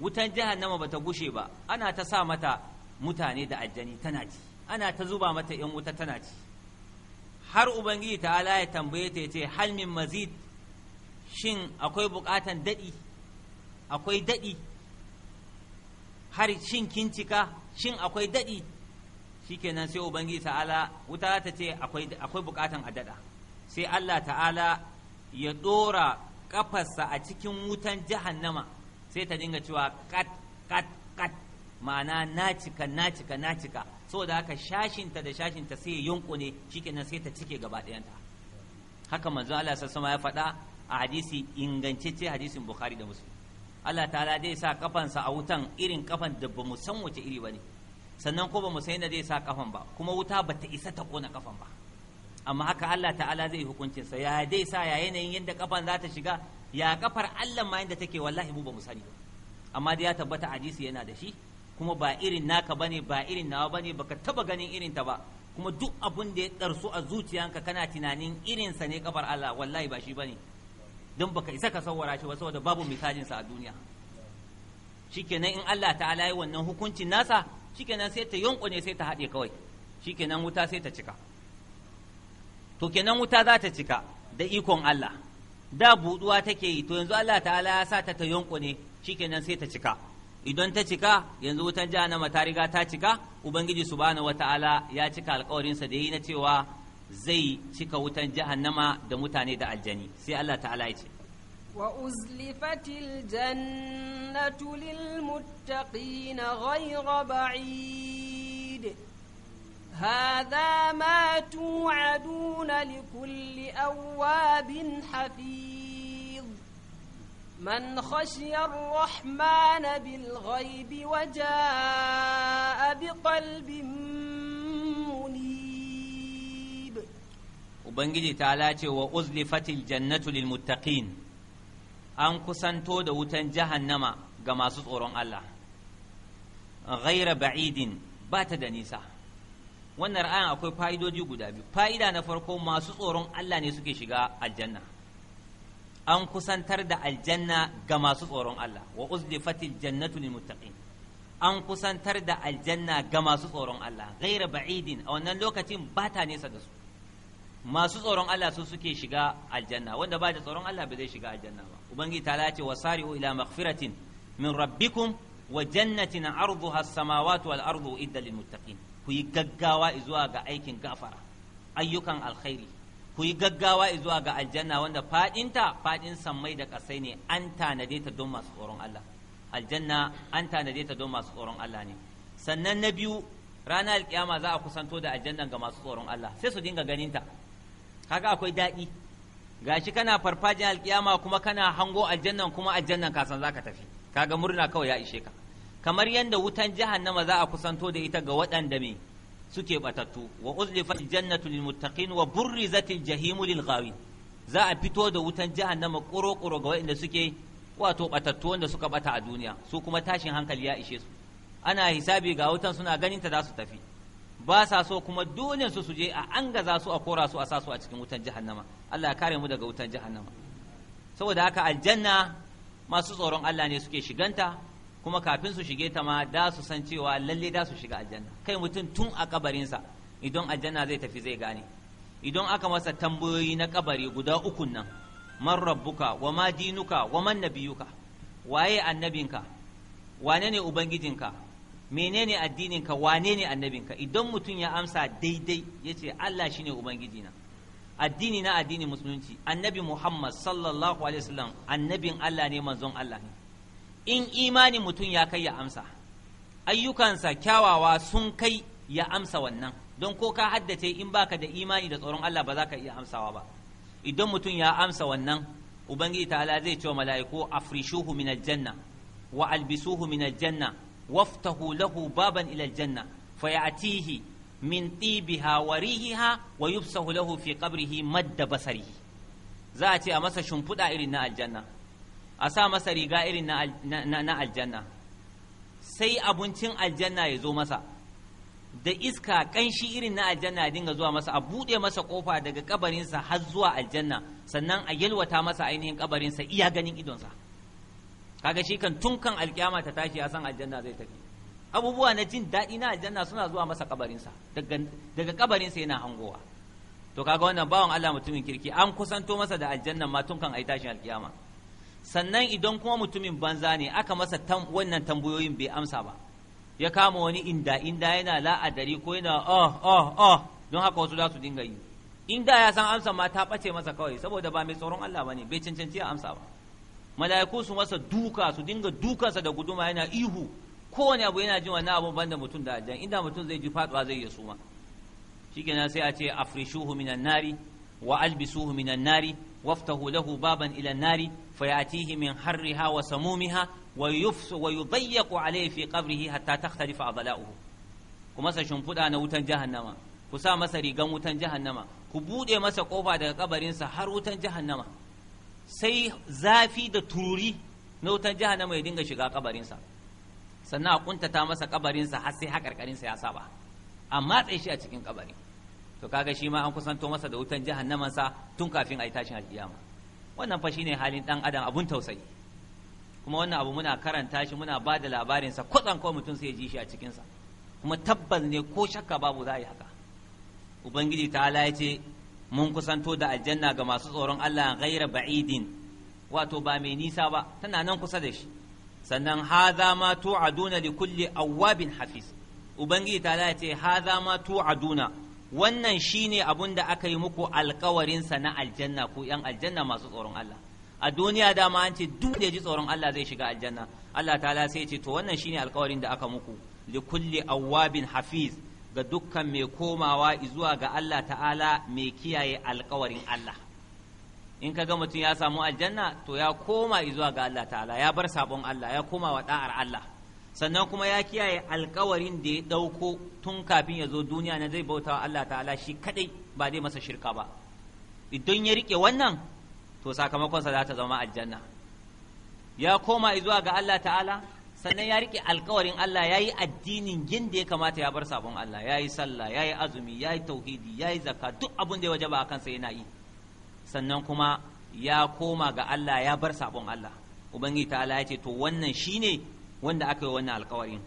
wutan jahannama bata gushe ba ana ta sa mata mutane da aljani tana ci ana ta zuba mata yan wuta tana ci har ubangiji ta'ala ya tambaye ta ya ce halmin mazid shin akwai buƙatan daɗi akwai daɗi har shin kin cika shin akwai daɗi shikenan sai ubangiji ta'ala wuta ta ce akwai buƙatan a daɗa sai Allah ta'ala ya ɗora ƙafarsa a cikin wutan jahannama sai ta dinga cewa kat kat kat ma'ana na cika na cika na cika saboda haka shashinta da shashinta sai yunkune shikenan sai ta cike gaba ɗayanta haka manzo Allah sassama ya faɗa a hadisi ce hadisin bukhari da muslim Allah ta'ala zai sa kafansa a wutan irin kafan da ba mu san wace iri ba ne sannan ko ba mu san zai sa kafan ba kuma wuta ba ta isa ta kona kafan ba amma haka Allah ta'ala zai hukuncin sa ya dai sa ya yanayin yadda kafan za ta shiga ya kafar Allah ma yadda take wallahi mu ba mu sani ba amma dai ya tabbata hadisi yana da shi kuma ba irin naka bane ba irin nawa bane baka taba ganin irin ta ba kuma duk abun da ya darsu a zuciyanka kana tunanin irinsa ne kafar Allah wallahi ba shi bane don baka isa ka sawara shi ba saboda babu misalin sa a duniya shikenan in Allah ta'ala yi wannan hukuncin nasa shikenan sai ta yunkune sai ta haɗe kawai shikenan wuta sai ta cika to kenan wuta za ta cika da ikon Allah da buduwa take yi to yanzu Allah ta'ala ya sa ta ta yunkune shikenan sai ta cika idan ta cika yanzu wutan jahannama ta riga ta cika ubangiji subhanahu wataala ya cika alƙawarin sa da yi na cewa zai cika wutan jahannama da mutane da aljani sai Allah ta'ala ya ce wa uzlifatil jannatu lil muttaqina ghayra ba'id hadha ma tu'aduna likulli awabin hafiz man khashiya ar-rahmana bil ghaibi wa jaa'a ubangiji ta lace wa uzlifatil jannatu lil muttaqin an kusanto da wutan jahannama ga masu tsoron Allah ghaira ba'idin ba ta da nisa wannan ra'ayin akwai fa'idoji guda biyu fa'ida na farko masu tsoron Allah ne suke shiga aljanna an kusantar da aljanna ga masu tsoron Allah wa uzlifatil jannatu lil muttaqin an kusantar da aljanna ga masu tsoron Allah ghaira ba'idin a wannan lokacin ba ta nisa da su masu tsoron Allah su suke shiga aljanna wanda ba da tsoron Allah ba zai shiga aljanna ba ubangiji ta ce wasari'u ila maghfiratin min rabbikum wa jannatin arduha as-samawati wal ardu idda lil muttaqin ku yi gaggawa zuwa ga aikin gafara ayyukan alkhairi ku yi gaggawa zuwa ga aljanna wanda fadinta fadin sammai da kasai ne an tanade ta don masu tsoron Allah aljanna an tanade ta don masu tsoron Allah ne sannan na biyu ranar alkiyama za a kusanto da aljanna ga masu tsoron Allah sai su dinga ganinta kaga akwai daɗi gashi kana farfajin alkiyama kuma kana hango aljannan kuma aljannan kasan zaka tafi kaga murna kawai ya ishe ka kamar yadda wutan jahannama za a kusanto da ita ga waɗanda me suke batattu wa uzlifat aljannatu lilmuttaqin wa burrizatil jahimu lilghawin za a fito da wutan jahannama ƙuro-ƙuro ga waɗanda suke wato batattu wanda suka bata a duniya su kuma tashin hankali ya ishe su ana hisabi ga wutan suna ganin ta za su tafi ba sa so kuma dole su su je a angaza su a kora su a sa su a cikin wutan jahannama Allah ya kare mu daga wutan jahannama saboda haka aljanna masu tsoron Allah ne suke shiganta kuma kafin su shige ta ma da su san cewa lalle da su shiga aljanna kai mutum tun a kabarinsa idan aljanna zai tafi zai gane idan aka masa tambayoyi na kabari guda ukun nan man rabbuka wa ma dinuka wa man nabiyuka waye annabinka wane ne ubangijinka menene addinin ka wane ne annabinka idan mutum ya amsa daidai yace Allah shine ubangiji na addini na addinin musulunci annabi Muhammad sallallahu alaihi wasallam annabin Allah ne manzon Allah ne in imani mutum ya kai ya amsa ayyukansa kyawawa sun kai ya amsa wannan don ko ka haddace in baka da imani da tsoron Allah ba za ka iya amsawa ba idan mutum ya amsa wannan ubangiji ta'ala zai ce wa mala'iku afrishuhu min aljanna wa albisuhu min aljanna waftahu lahu baban ila aljanna fayatihi min tibiha wa rihiha wa yubsahu lahu fi qabrihi madda basarihi za a ce a masa shimfiɗa irin na aljanna a sa masa riga irin na aljanna sai abincin aljanna ya zo masa da iska kanshi irin na aljanna ya dinga zuwa masa a buɗe masa kofa daga kabarinsa har zuwa aljanna sannan a yalwata masa ainihin kabarinsa iya ganin idonsa kaga shi kan tun kan alkiyama ta tashi ya san aljanna zai tafi abubuwa na jin daɗi na aljanna suna zuwa masa kabarinsa daga daga kabarinsa yana hangowa to kaga wannan bawan Allah mutumin kirki an kusanto masa da aljanna ma tun kan ai tashin alkiyama sannan idan kuma mutumin banza ne aka masa wannan tambayoyin bai amsa ba ya kama wani inda inda yana la'adari ko yana oh oh oh don haka wasu za su dinga yi inda ya san amsa ma ta ɓace masa kawai saboda ba mai tsoron Allah ba bai cancanci ya amsa ba mala'iku su masa duka su dinga dukansa da guduma yana ihu kowane abu yana jin na abun banda mutum da aljan inda mutum zai ji faduwa zai iya suma shikenan sai a ce afrishuhu minan nari wa albisuhu minan nari waftahu lahu baban ila nari fayatihi min harriha wa samumiha wa yufsu wa yudayyaqu alayhi fi qabrihi hatta takhtalifa adla'uhu kuma sa shimfuda na wutan jahannama ku sa masa rigan wutan jahannama ku bude masa kofa daga kabarinsa har wutan jahannama sai zafi da tururi na wutan jahannama ya dinga shiga kabarinsa sannan a kuntata masa kabarinsa har sai haƙarƙarinsa ya saba a tsaye shi a cikin kabari to kaga shi ma an kusanto masa da wutan jahannamansa tun kafin a yi tashin alƙiyama wannan fa shine halin dan adam abun tausayi kuma wannan abu muna karanta shi muna ba da labarinsa kwatsan kawai mutum sai ya ji shi a cikinsa kuma tabbas ne ko shakka babu za a yi haka ubangiji ta ya ce mun kusanto da aljanna ga masu tsoron Allah ghaira ba'idin wato ba mai nisa ba tana nan kusa da shi sannan hadha ma tu'aduna li kulli awwabin hafiz ubangiji ta ce hadha ma tu'aduna wannan shine abun da aka yi muku alkawarin sa na aljanna ko yan aljanna masu tsoron Allah a duniya dama an ce duk da ji tsoron Allah zai shiga aljanna Allah ta'ala sai ce to wannan shine alkawarin da aka muku li kulli awwabin hafiz ga dukkan mai komawa zuwa ga Allah ta'ala mai kiyaye alkawarin Allah in ka ga mutum ya samu aljanna to ya koma zuwa ga Allah ta'ala ya bar sabon Allah ya koma wa da'ar Allah sannan kuma ya kiyaye alkawarin da ya ɗauko tun kafin ya zo duniya na zai bautawa Allah ta'ala shi kadai ba zai masa shirka ba idan ya rike wannan to sakamakonsa za ta zama aljanna ya koma zuwa ga Allah ta'ala sannan ya rike alkawarin Allah ya yi addinin yin da ya kamata ya bar sabon Allah ya yi sallah ya yi azumi ya yi tauhidi ya yi zakka duk abin da ya wajaba a kansa yana yi sannan kuma ya koma ga Allah ya bar sabon Allah ubangiji ta Allah ya ce to wannan shine wanda aka yi wannan alkawarin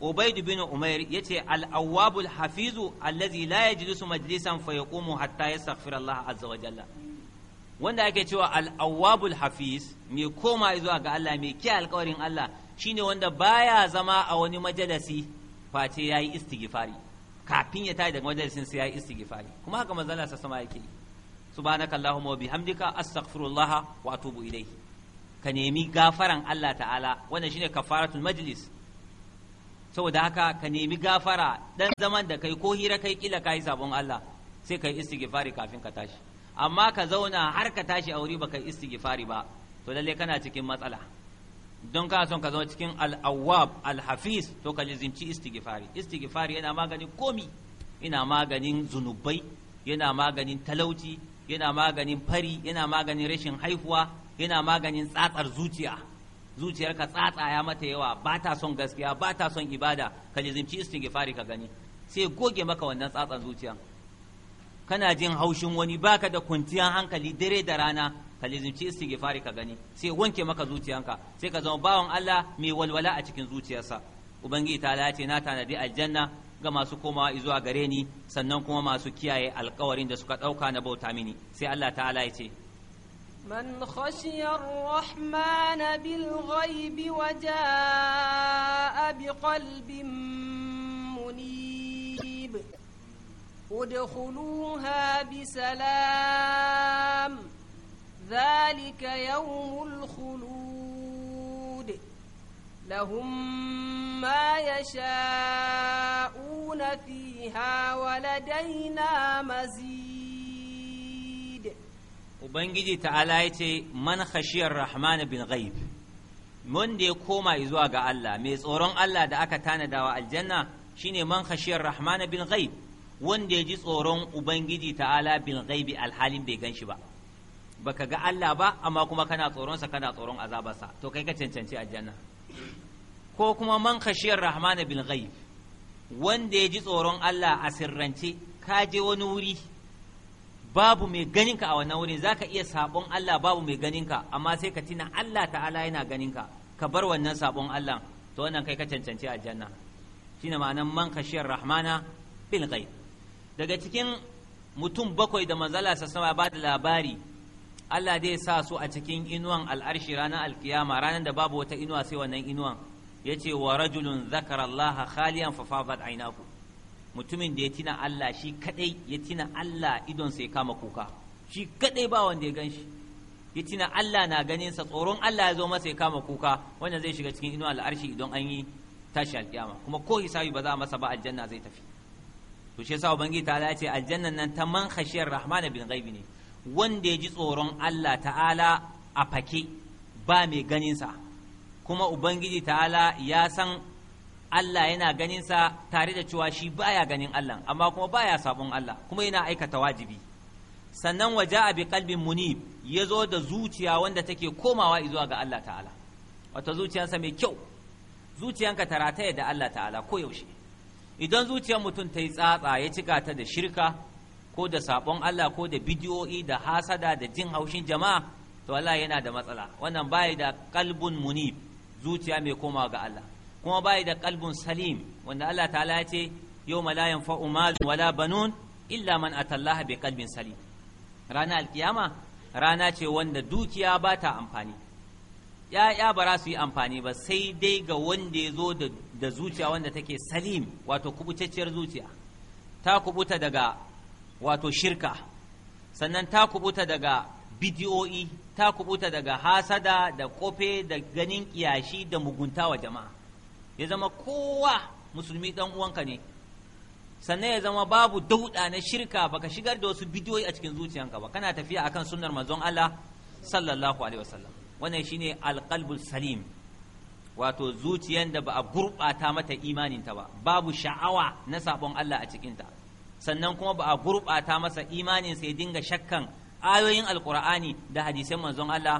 ubaidu bin umair ya al-awwabul hafizu allazi la yajlisu majlisan fa yaqumu hatta ya Allah azza wa jalla wanda ake cewa al hafiz mai koma zuwa ga Allah mai kiyaye alkawarin Allah shine wanda baya zama a wani majalisi face yayi istighfari kafin ya tashi daga majalisin sai yayi istighfari kuma haka manzon Allah sama yake subhanakallahumma wa bihamdika astaghfirullah wa atubu ilayhi ka nemi gafaran Allah ta'ala wannan shine kafaratul majlis saboda haka ka nemi gafara dan zaman da kai ko hira kai kila kai sabon Allah sai kai istighfari kafin ka tashi amma ka zauna har ka tashi a wuri baka istighfari ba to lalle kana cikin matsala don ka son ka zama cikin al'awwab alhafis al-hafiz to ka lizimci istighfari istighfari yana maganin komi yana maganin zunubai yana maganin talauci yana maganin fari yana maganin rashin haihuwa yana maganin tsatsar zuciya zuciyarka tsatsaya mata yawa ba ta son gaskiya ba ta son ibada ka lizimci istighfari ka gani sai goge maka wannan tsatsar zuciya kana jin haushin wani baka da kwanciyar hankali dare da rana ka lizimci istighfari ka gani sai wanke maka zuciyanka sai ka zama bawan Allah mai walwala a cikin zuciyarsa ubangiji ta ce na tanadi aljanna ga masu komawa zuwa gare ni sannan kuma masu kiyaye alkawarin da suka ɗauka na bauta mini sai Allah ta'ala ya ce من خشي الرحمن بالغيب وجاء بقلب منيب ادخلوها بسلام ذلك يوم الخلود لهم ما يشاءون فيها ولدينا مزيد وبنجي تعالى يتي من خشي الرحمن بالغيب من دي كوما إزواغ الله ميز أورون الله دا أكا تانا داوا الجنة شيني من خشي الرحمن بالغيب wanda ya ji tsoron Ubangiji ta'ala bil ghaibi alhalin bai gan shi ba baka ga Allah ba amma kuma kana tsoronsa kana tsoron azabarsa to kai ka cancanci aljanna ko kuma man khashiyar rahman bil ghaib wanda ya ji tsoron Allah a sirrance ka je wani wuri babu mai ganinka a wannan wurin zaka iya sabon Allah babu mai ganinka amma sai ka tina Allah ta'ala yana ganinka ka bar wannan sabon Allah to wannan kai ka cancanci aljanna shine ma'anan man khashiyar rahmana bil ghaib daga cikin mutum bakwai da manzala sama ba da labari Allah zai sa su a cikin inuwan al'arshi ranar alkiyama ranar da babu wata inuwa sai wannan inuwan ya ce wa rajulun zakarallaha khaliyan fafabat ainaku mutumin da ya tina Allah shi kadai ya tina Allah idon sai kama kuka shi kadai ba wanda ya gan shi ya tina Allah na ganin sa tsoron Allah ya zo masa ya kama kuka wanda zai shiga cikin inuwan al'arshi idan an yi tashi alkiyama kuma ko hisabi ba za a masa ba aljanna zai tafi to shi yasa ubangiji ta ce aljannan nan ta man khashiyar rahmana bin ghaibi ne wanda ya ji tsoron Allah ta'ala a fake ba mai ganinsa kuma ubangiji ta'ala ya san Allah yana ganinsa tare da cewa shi baya ganin Allah amma kuma baya sabon Allah kuma yana aikata wajibi sannan waje a kalbin munib ya zo da zuciya wanda take komawa izuwa ga Allah ta'ala wata zuciyarsa mai kyau zuciyanka ta rataya da Allah ta'ala ko yaushe? idan zuciyar mutum ta yi tsatsa ya cika ta da shirka ko da sabon Allah ko da bidiyoyi da hasada da jin haushin jama'a to Allah yana da matsala wannan bai da kalbun muni zuciya mai koma ga Allah kuma bai da kalbun salim wanda Allah ta'ala ya ce yawma la yanfa'u wala banun illa man atallaha bi kalbin salim rana alkiyama rana ce wanda dukiya ba ta amfani ya ba za su yi amfani ba sai dai ga wanda ya zo da zuciya wanda take salim wato kubutacciyar zuciya ta kubuta daga wato shirka sannan ta kubuta daga bidiyo'i ta kubuta daga hasada da kofe da ganin kiyashi da mugunta wa jama'a ya zama kowa musulmi dan uwanka ne sannan ya zama babu dauda na shirka baka shigar da wasu bidiyoyi a cikin zuciyanka ba kana tafiya akan sunnar manzon Allah sallallahu alaihi wasallam wannan shine alqalbul salim wato zuciyan da ba a gurɓata mata imaninta ba babu sha'awa na sabon Allah a cikinta sannan kuma ba a gurɓata masa imanin sai dinga shakkan ayoyin alkurani da hadisan manzon Allah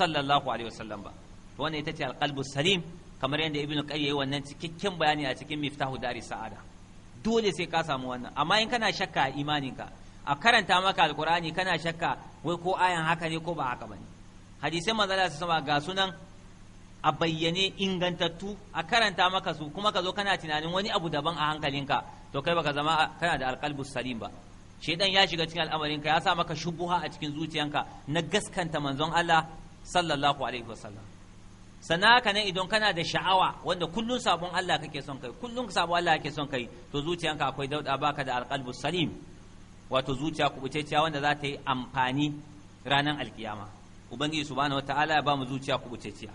sallallahu alaihi wasallam ba to wannan ita ce alqalbu salim kamar yadda ibnu qayyim yayi wannan cikakken bayani a cikin miftahu dari sa'ada dole sai ka samu wannan amma in kana shakka a imaninka a karanta maka alkur'ani kana shakka wai ko ayan haka ne ko ba haka bane hadisan manzon Allah sallallahu alaihi wasallam ga sunan a bayyane ingantattu a karanta maka su kuma ka zo kana tunanin wani abu daban a hankalinka to kai baka zama kana da alqalbus salim ba shedan ya shiga cikin al'amarin ka ya sa maka shubuha a cikin zuciyanka na gaskanta manzon Allah sallallahu alaihi wasallam sana haka nan idan kana da sha'awa wanda kullun sabon Allah kake son kai kullun sabon Allah kake son kai to zuciyanka akwai dauda baka da alqalbus salim wato zuciya kubutacciya wanda za ta yi amfani ranar alkiyama ubangiji subhanahu wataala ya ba mu zuciya kubutacciya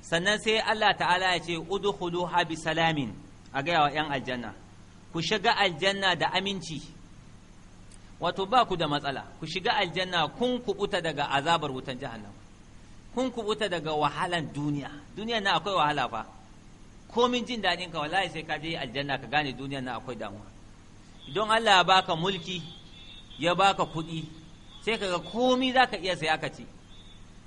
sannan sai Allah ta'ala ya ce udkhuluha bi salamin a ga yawa yan aljanna ku shiga aljanna da aminci wato ba ku da matsala ku shiga aljanna kun kubuta daga azabar wutan jahannam kun kubuta daga wahalan duniya duniya na akwai wahala fa komin jin daɗin ka wallahi sai ka je aljanna ka gane duniya na akwai damuwa don Allah ya baka mulki ya baka kuɗi sai kaga komi za ka iya saya ka ci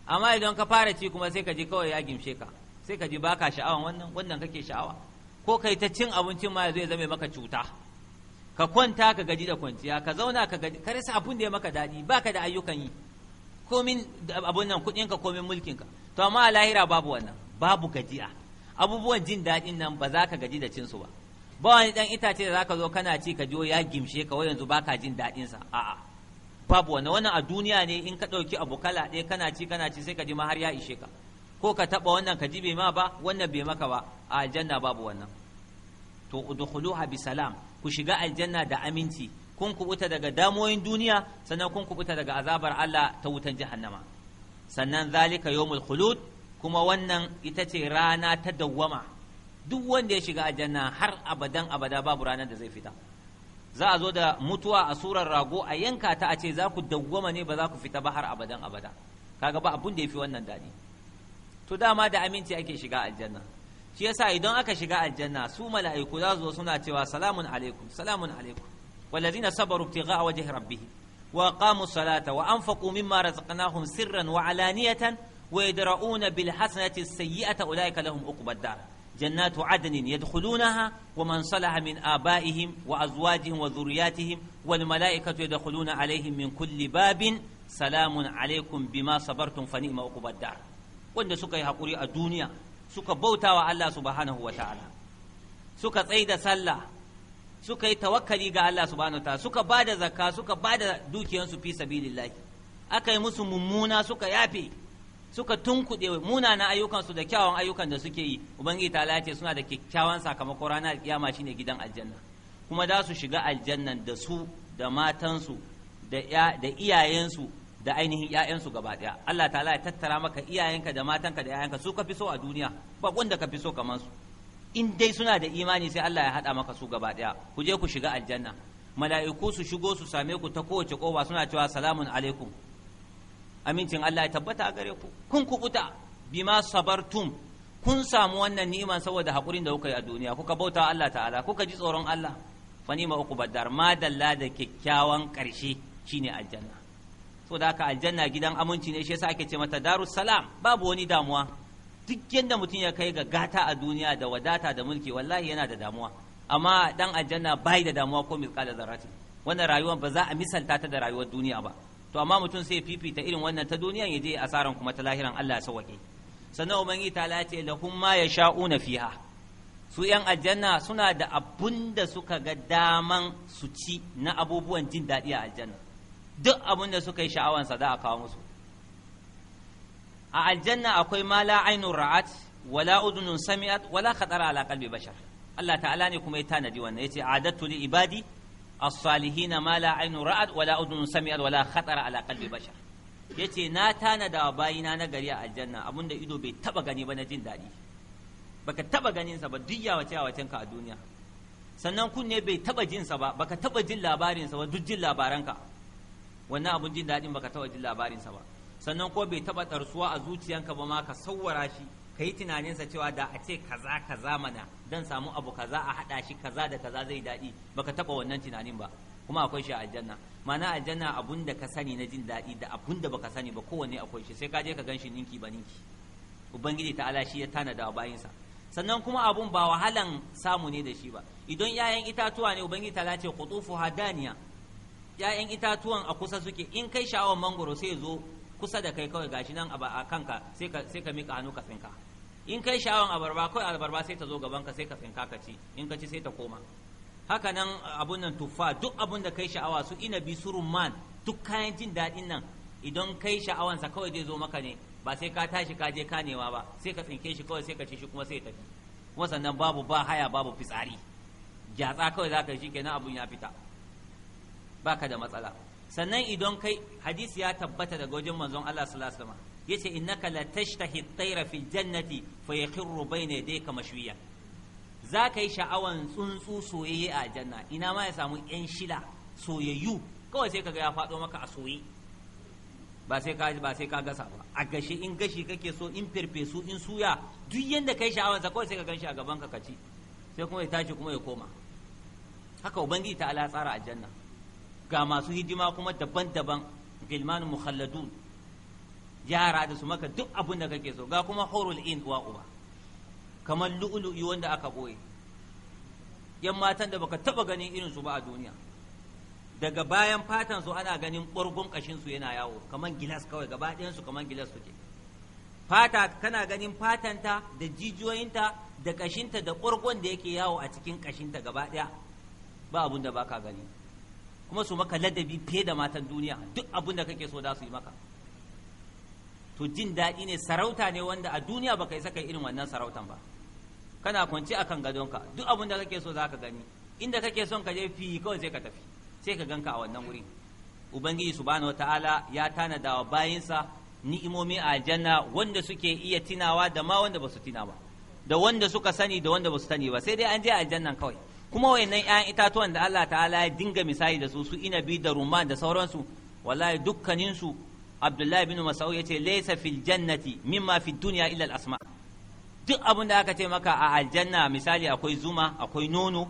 amma idan ka fara ci kuma sai ka ji kawai ya gimshe ka sai ka ji baka sha'awan wannan wannan kake sha'awa ko kai ta cin abincin ma zai zame maka cuta ka kwanta ka gaji da kwanciya ka zauna ka gaji ka rasa abun da ya maka daɗi baka da ayyukan yi komin abun nan kuɗin ka komin mulkin ka to amma a lahira babu wannan babu gajiya abubuwan jin daɗin nan ba za ka gaji da cin su ba ba wani dan itace da zaka zo kana ci ka jiyo ya gimshe ka wai yanzu baka jin daɗin sa a'a babu wannan wannan a duniya ne in ka ɗauki abu kala ɗaya kana ci kana ci sai ka ji ma har ya ishe ka ko ka taɓa wannan ka ji ma ba wannan bai maka ba a aljanna babu wannan to udkhuluha bi salam ku shiga aljanna da aminci kun kubuta daga damoyin duniya sannan kun kubuta daga azabar Allah ta wutan jahannama sannan zalika yawmul khulud kuma wannan ita ce rana ta dawwama duk wanda ya shiga aljanna har abadan abada babu ranar da zai fita za a zo da mutuwa a surar rago a yanka ta a ce za ku dawwama ne ba za ku fita ba har abadan abada kaga ba abun da ya fi wannan daɗi to dama da aminci ake shiga aljanna shi yasa idan aka shiga aljanna su mala'iku za suna cewa salamun alaikum salamun alaikum walladhina sabaru ibtigha wajhi rabbihim wa qamu salata wa anfaqu mimma razaqnahum sirran wa alaniyatan wa yadra'una bil hasanati sayyi'ata ulaika lahum uqbad جنات عدن يدخلونها ومن صلح من آبائهم وأزواجهم وذرياتهم والملائكة يدخلون عليهم من كل باب سلام عليكم بما صبرتم فنئم أقوب الدار wanda suka yi haƙuri a duniya suka bauta wa Allah subhanahu wa ta'ala suka tsai da sallah suka yi tawakkali ga Allah subhanahu wa ta'ala suka ba da zakka suka ba da dukiyansu fi sabilillahi aka yi musu mummuna suka yafe suka tunkuɗe munanan ayyukansu da kyawawan ayyukan da suke yi ubangiji ta ce suna da kyakkyawan sakamakon ranar kiyama shine gidan aljanna kuma za su shiga aljannan da su da matansu da iyayensu da ainihin ‘ya'yansu gaba ɗaya Allah ta ya tattara maka iyayenka da matanka da ‘ya'yanka su ka fi so a duniya ba wanda ka fi so kamar su in dai suna da imani sai Allah ya haɗa maka su gaba ɗaya ku je ku shiga aljanna mala'iku su shigo su same ku ta kowace kowa suna cewa salamun alaikum amincin Allah ya tabbata a gare ku kun kubuta bima sabartum kun samu wannan ni'iman saboda haƙurin da kuka yi a duniya kuka bauta Allah ta'ala kuka ji tsoron Allah fa ni ma uku badar ma dalla da kyakkyawan ƙarshe shine aljanna so haka aljanna gidan aminci ne shi yasa ake ce mata darus salam babu wani damuwa duk yadda mutum ya kai ga gata a duniya da wadata da mulki wallahi yana da damuwa amma dan aljanna bai da damuwa ko mizqala zarrati wannan rayuwar ba za a misalta ta da rayuwar duniya ba to amma mutum sai fifita irin wannan ta duniya ya je asaran kuma ta lahiran Allah ya sauke sannan ubangi ta lace lahum ma yasha'una fiha su yan aljanna suna da abun da suka ga daman su ci na abubuwan jin daɗi a aljanna duk abin da suka yi sha'awansa za a kawo musu a aljanna akwai ma la ainun ra'at wala udunun sami'at wala khatara ala qalbi bashar Allah ta'ala ne kuma ya tanadi wannan yace adatu li ibadi as-salihin ma la ainun ra'at wala udunun sami'at wala khatara ala qalbi bashar yace na tanada wa bayina na gari a aljanna abinda ido bai taba gani ba na jin daɗi baka taba ganin sa ba duk yawace yawacen ka a duniya sannan kunne bai taba jin sa ba baka taba jin labarin sa ba duk jin labaranka wannan abun jin daɗin baka taɓa jin labarinsa ba sannan ko bai taɓa tarsuwa a zuciyanka ba ma ka sauwara shi ka yi tunaninsa cewa da a ce kaza kaza mana dan samu abu kaza a haɗa shi kaza da kaza zai daɗi baka taɓa wannan tunanin ba kuma akwai shi a aljanna ma'ana aljanna abun da ka sani na jin daɗi da abun da baka sani ba kowanne akwai shi sai ka je ka gan shi ninki ba ninki ubangiji ta ala shi ya tanada bayinsa sannan kuma abun ba wahalan samu ne da shi ba idan 'ya'yan itatuwa ne ubangiji ta ala ce qutufu hadaniya 'ya'yan itatuwan a kusa suke in kai sha'awar mangoro sai zo kusa da kai kawai gashi nan a kanka sai ka mika hannu ka tsinka in kai sha'awar abarba kawai abarba sai ta zo gaban ka sai ka tsinka ka ci in ka ci sai ta koma haka nan abun nan tuffa duk abun da kai sha'awa su ina bi su rumman duk kayan jin daɗin nan idan kai sha'awansa kawai zai zo maka ne ba sai ka tashi ka je kanewa ba sai ka tsinke shi kawai sai ka ci shi kuma sai tafi kuma sannan babu ba haya babu fitsari gyatsa kawai za ka yi shi kenan abun ya fita baka da matsala sannan idan kai hadisi ya tabbata daga wajen manzon Allah sallallahu alaihi wasallam yace innaka la tashtahi at-tayra fil jannati fa yakhirru bayna yadayka mashwiya za ka yi sha'awan tsuntsu soyayye a janna ina ma ya samu yan shila soyayyu kawai sai kaga ya faɗo maka a soye ba sai ka ba sai ka gasa ba a gashi in gashi kake so in firfesu in suya duk yanda kai sha'awan sa kawai sai ka ganshi a gaban ka kaci sai kuma ya tashi kuma ya koma haka ubangiji ta ala tsara a janna. ga masu hidima kuma daban-daban gilmanu mukhalladun yara da su maka duk abin da kake so ga kuma horul in wa uba kamar lu'ulu'i wanda aka boye yan matan da baka taba ganin irin su ba a duniya daga bayan fatan su ana ganin ɓurgun kashin su yana yawo kamar gilas kawai gaba ɗayansu kamar gilas suke fata kana ganin fatanta da jijiyoyinta da kashinta da ɓurgun da yake yawo a cikin kashinta gaba ɗaya ba abun da baka gani kuma su maka ladabi fiye da matan duniya duk abin da kake so da su yi maka to jin daɗi ne sarauta ne wanda a duniya baka isa kai irin wannan sarautan ba kana kwanci akan gadonka duk abin da kake so za ka gani inda kake son ka je fi kawai sai ka tafi sai ka ganka a wannan wuri ubangiji subhanahu wataala ya tanada wa bayinsa ni'imomi a aljanna wanda suke iya tinawa da ma wanda ba su tina ba da wanda suka sani da wanda ba su sani ba sai dai an je aljannan kawai kuma wayannan 'ya'yan itatuwan da Allah ta'ala ya dinga misali da su su inabi da rumman da sauransu wallahi dukkaninsu Abdullahi bin Mas'ud yace laysa fil jannati mimma fid dunya illa al asma duk abin da aka ce maka a aljanna misali akwai zuma akwai nono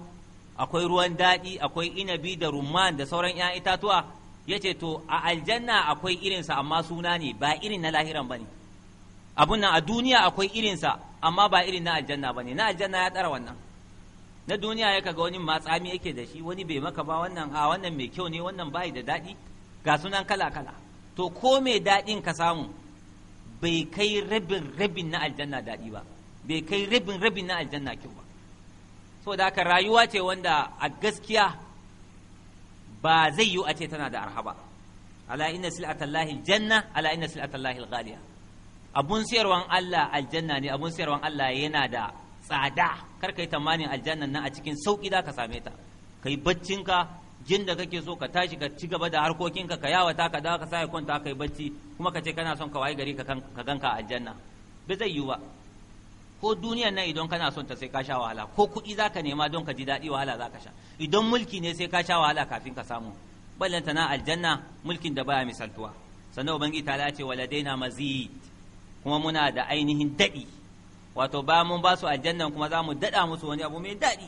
akwai ruwan daɗi akwai inabi da rumman da sauran 'ya'yan itatuwa yace to a aljanna akwai irinsa amma suna ne ba irin na lahiran bane abun nan a duniya akwai irinsa amma ba irin na aljanna bane na aljanna ya tsara wannan na duniya ya kaga wani matsami yake da shi wani bai maka ba wannan a ah, wannan mai kyau ne wannan bai da daɗi ga sunan kala kala to ko mai daɗin ka samu bai kai rabin rabin na aljanna daɗi ba bai kai rabin rabin na aljanna kyau ba so da haka rayuwa ce wanda a gaskiya ba zai yiwu a ce tana da ba ala inna sil'atallahi janna ala inna sil'atallahi ghaliya abun siyarwan Allah aljanna ne abun siyarwan Allah yana da tsada kar ka yi tamanin aljannan nan a cikin sauki za ka same ta kai baccinka jin da kake so ka tashi ka ci gaba da harkokinka ka yawata ka dawo ka sa kwanta kai bacci kuma ka ce kana son ka wayi gari ka ganka a aljanna bai zai yiwu ba ko duniyan nan idan kana son ta sai ka sha wahala ko kuɗi za ka nema don ka ji daɗi wahala za ka sha idan mulki ne sai ka sha wahala kafin ka samu ballanta na aljanna mulkin da baya misaltuwa sannan ubangiji ta ce waladaina mazid kuma muna da ainihin daɗi wato ba mun ba su aljannan kuma za mu daɗa musu wani abu mai daɗi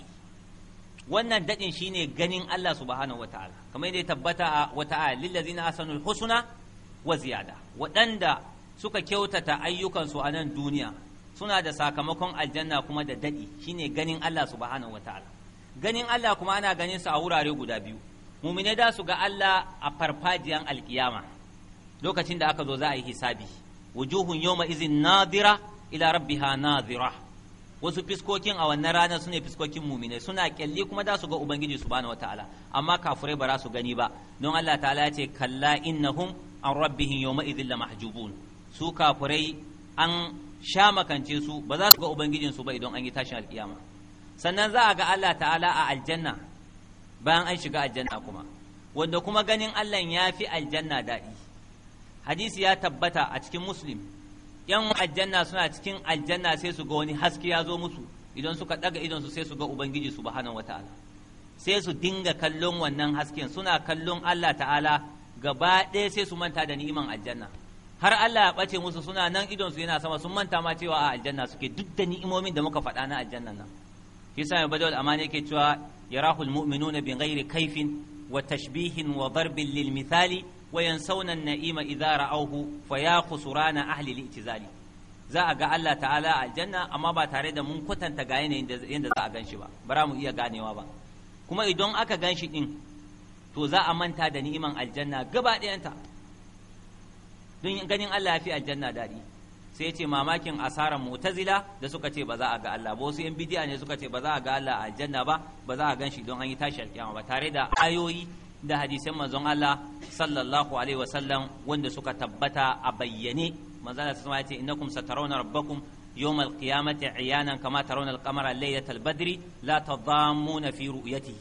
wannan daɗin shine ganin Allah subhanahu wataala kamar yadda tabbata a wata aya lillazina ahsanul husna wa ziyada waɗanda suka kyautata ayyukansu a nan duniya suna da sakamakon aljanna kuma da daɗi shine ganin Allah subhanahu wataala ganin Allah kuma ana ganin su a wurare guda biyu mumine da su ga Allah a farfajiyan alkiyama lokacin da aka zo za a yi hisabi wujuhun yawma izin nadira ila rabbiha nazira wasu fiskokin a wannan ranar sune fiskokin muminai suna kyalli kuma za su ga ubangiji subhanahu wataala amma kafurai ba za su gani ba don Allah ta'ala ya ce kalla innahum an rabbihim yawma idhil mahjubun su kafurai an sha makance su ba za su ga ubangijin su ba idan an yi tashin alkiyama sannan za a ga Allah ta'ala a aljanna bayan an shiga aljanna kuma wanda kuma ganin Allah ya fi aljanna daɗi hadisi ya tabbata a cikin muslim yan aljanna suna cikin aljanna sai su ga wani haske ya zo musu idan suka daga idan su sai su ga ubangiji subhanahu wataala sai su dinga kallon wannan hasken suna kallon Allah ta'ala gaba ɗaya sai su manta da ni'iman aljanna har Allah ya ɓace musu suna nan idon su yana sama sun manta ma cewa a aljanna suke duk da ni'imomin da muka faɗa na aljanna nan kisa mai badawul amana yake cewa yarahul mu'minuna bi ghairi kaifin wa tashbihin wa darbin lil misali وينسون النعيم naima فيا خسران fa ya khusrana ahli itizali za a ga Allah ta'ala a aljanna amma ba tare da mun kwatanta ga yanayin da za a ganshi ba bara mu iya ganewa ba kuma idan aka ganshi din to za a manta da ni'iman aljanna gaba ɗayanta don ganin Allah ya fi aljanna daɗi sai ce mamakin asarar mutazila da suka ce ba za a ga Allah ba wasu yan bidiya ne suka ce ba za a ga Allah aljanna ba ba za a gan don an yi tashi alkiyama ba tare da ayoyi da hadisan manzon Allah sallallahu alaihi wasallam wanda suka tabbata a bayyane manzon Allah sallallahu alaihi wasallam ya ce innakum satarawna rabbakum يوم القيامة عيانا كما ترون القمر ليلة البدر لا تضامون في رؤيته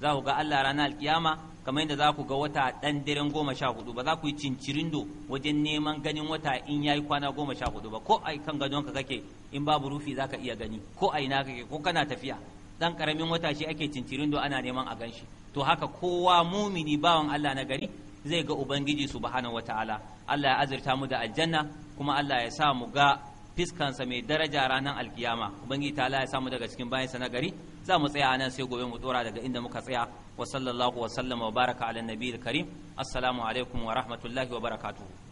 ذاهو قال الله رانا القيامة كما إن ذاكو قوتا تندرن قوم شاهدو بذاكو يتنشرندو وجن نيمان غنين وتا إن ياي كوانا قوم شاهدو بكو أي كان غنون كاكي إن باب روفي ذاك إيا غني كو أي ناكي كو كنا تفيا دان كرمين وتا شي أكي تنشرندو أنا نيمان أغنشي to haka kowa mumini bawan Allah na gari zai ga ubangiji subhanahu wataala Allah ya azurta mu da aljanna kuma Allah ya sa mu ga fiskansa mai daraja ranar alkiyama ubangiji ta Allah ya sa mu daga cikin bayansa na gari za mu tsaya nan sai gobe mu dora daga inda muka tsaya wa sallallahu wa sallama wa baraka ala nabiyil karim assalamu alaikum wa rahmatullahi wa barakatuhu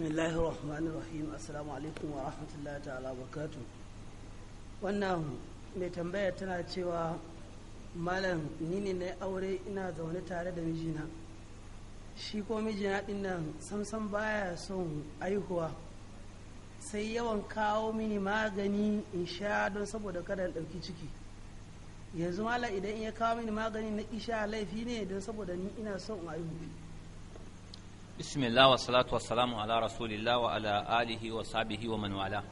bismillahir rahmanir rahim wannan mai tambaya tana cewa malam ni ne na aure ina zaune tare da mijina shi ko mijina din nan samsam baya son aihuwa sai yawan kawo mini magani in sha don saboda kada in ɗauki ciki yanzu malam idan ya kawo mini magani na isha laifi ne don saboda ni ina son aihu bismillah wa salatu wa salamu ala rasulillah wa wa sabihi wa man wala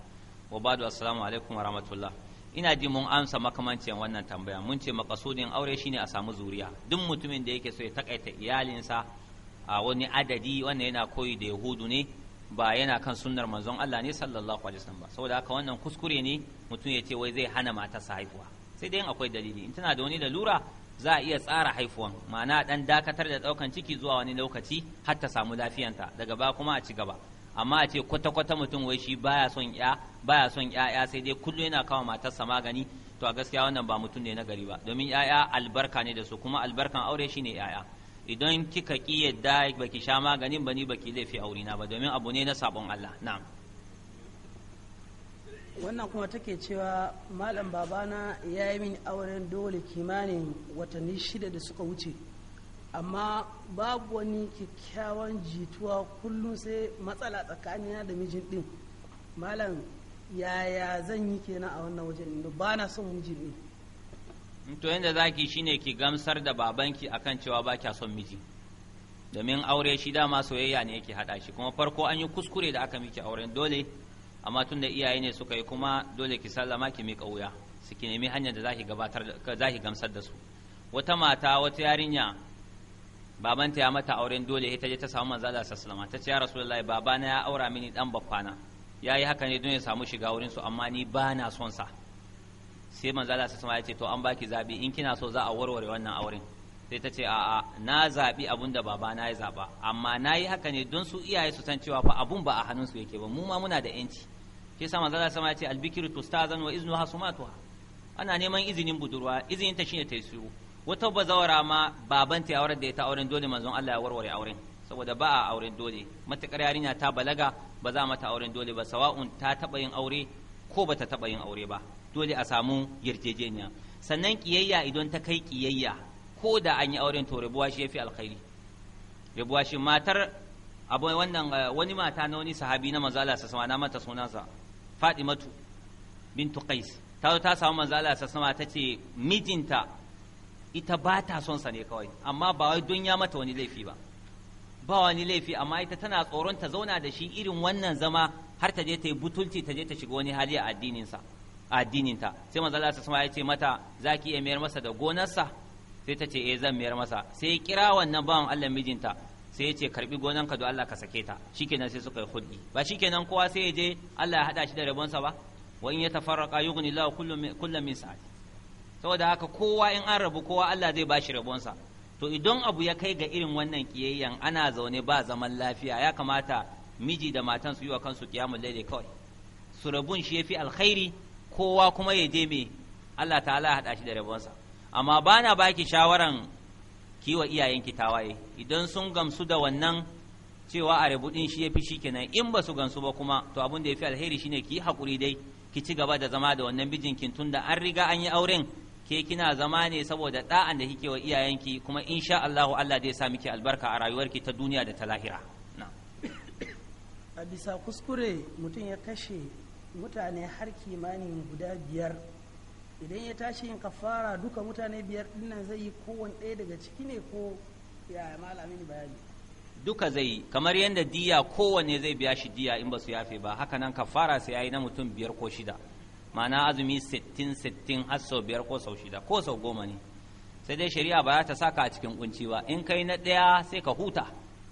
wa ba'du alaikum wa ina ji mun amsa makamancin wannan tambaya mun ce makasudin aure shine a samu zuriya duk mutumin da yake so ya takaita iyalinsa a wani adadi wannan yana koyi da yahudu ne ba yana kan sunnar manzon Allah ne sallallahu alaihi wasallam ba saboda haka wannan kuskure ne mutum ya ce wai zai hana matarsa haihuwa sai dai akwai dalili in tana da wani lalura za a iya tsara haifuwan ma'ana dan dakatar da daukan ciki zuwa wani lokaci har ta samu lafiyanta daga ba kuma a ci gaba amma a ce kwata kwata mutum wai shi baya son ya baya son ya'ya sai dai kullum yana kawo matarsa magani to a gaskiya wannan ba mutum ne na gari ba domin ya'ya albarka ne da su kuma albarkan aure shine ya'ya idan kika ki yadda baki sha maganin ba ni baki laifi aure na ba domin abu ne na sabon Allah na'am wannan kuma take cewa malam babana ya yi min auren dole kimanin watanni shida da suka wuce amma babu wani kyakkyawan jituwa kullum sai matsala tsakanina da mijin din malam yaya zan yi kenan a wannan wajen inda ba na son mijin ne to yadda za ki shine ki gamsar da babanki akan cewa ba kya son miji domin aure shi dama soyayya ne yake haɗa shi kuma farko an yi kuskure da aka miki auren dole amma tun da iyaye ne suka yi kuma dole ki sallama ki miƙa wuya ki nemi hanyar da ki gabatar ki gamsar da su wata mata wata yarinya babanta ya mata auren dole ita je ta samu manzo Allah sallallahu ta ce ya rasulullahi babana ya aura mini dan na yayi haka ne don ya samu shiga wurin su amma ni ba na son sa sai manzo Allah sallallahu ya ce to an baki zabi in kina so za a warware wannan auren sai ta ce a'a na zabi abun da babana ya zaba amma nayi haka ne don su iyaye su san cewa fa abun ba a hannun su yake ba mu ma muna da yanci shi sama manzo sama ya ce albikiru tustazan wa iznuha matuwa ana neman izinin budurwa izinin ta shine ta yi wata bazawara ma babanta ya yawar da ya ta auren dole manzon Allah ya warware auren saboda ba a auren dole matakar yarinya ta balaga ba za mata auren dole ba sawa'un ta taba yin aure ko ba ta taba yin aure ba dole a samu yarjejeniya sannan kiyayya idan ta kai kiyayya ko da an yi auren to rabuwa shi fi alkhairi rabuwa shi matar abu wannan eh, wani mata na wani sahabi na manzo Allah sa na mata sunansa Fadimatu bintu Qais ta zo ta samu manzo Allah sama ta ce mijinta ita ba ta son sa ne kawai amma ba wai don ya mata wani laifi ba ba wani laifi amma ita tana tsoron ta zauna da shi irin wannan zama har ta je ta yi butulci ta je ta shiga wani hali a addinin sa addinin ta sai manzo Allah sama ya ce mata zaki iya mayar masa da gonarsa sai ta ce eh zan mayar masa sai kira wannan bawan Allah mijinta sai ya ce karbi ka don Allah ka sake ta shikenan sai suka yi huddi ba shikenan kowa sai ya je Allah ya hada shi da rabonsa ba wa in tafarraka yughni Allahu kullum min sa'ati saboda haka kowa in an rabu kowa Allah zai bashi rabonsa to idan abu ya kai ga irin wannan kiyayyan ana zaune ba zaman lafiya ya kamata miji da matan su yi wa kansu kiyamul laili kawai su rabun shi yafi alkhairi kowa kuma ya je me Allah ta'ala ya hada shi da rabonsa amma bana baki shawaran ki wa iyayenki tawaye idan sun gamsu da wannan cewa a rubutun shi yafi kenan in ba su gamsu ba kuma to abin da ya fi alheri shine ki hakuri dai ki ci gaba da zama da wannan mijinkin da an riga an yi auren ke kina zama ne saboda da'an da kike wa iyayenki kuma insha Allah Allah zai sa miki albarka a rayuwarki ta duniya da ta lahira a bisa kuskure mutum ya kashe mutane har kimanin guda biyar idan ya tashi yin kafara duka mutane biyar dinnan zai yi kowane ɗaya daga ciki ne ko ya malamin bayani duka zai yi kamar yadda diya kowanne zai biya shi diya in ba su yafe ba haka nan kafara sai yi na mutum biyar ko shida ma'ana azumi sittin sittin har sau biyar ko sau shida ko sau goma ne sai dai shari'a ba za ta saka a cikin kunci ba in kai na ɗaya sai ka huta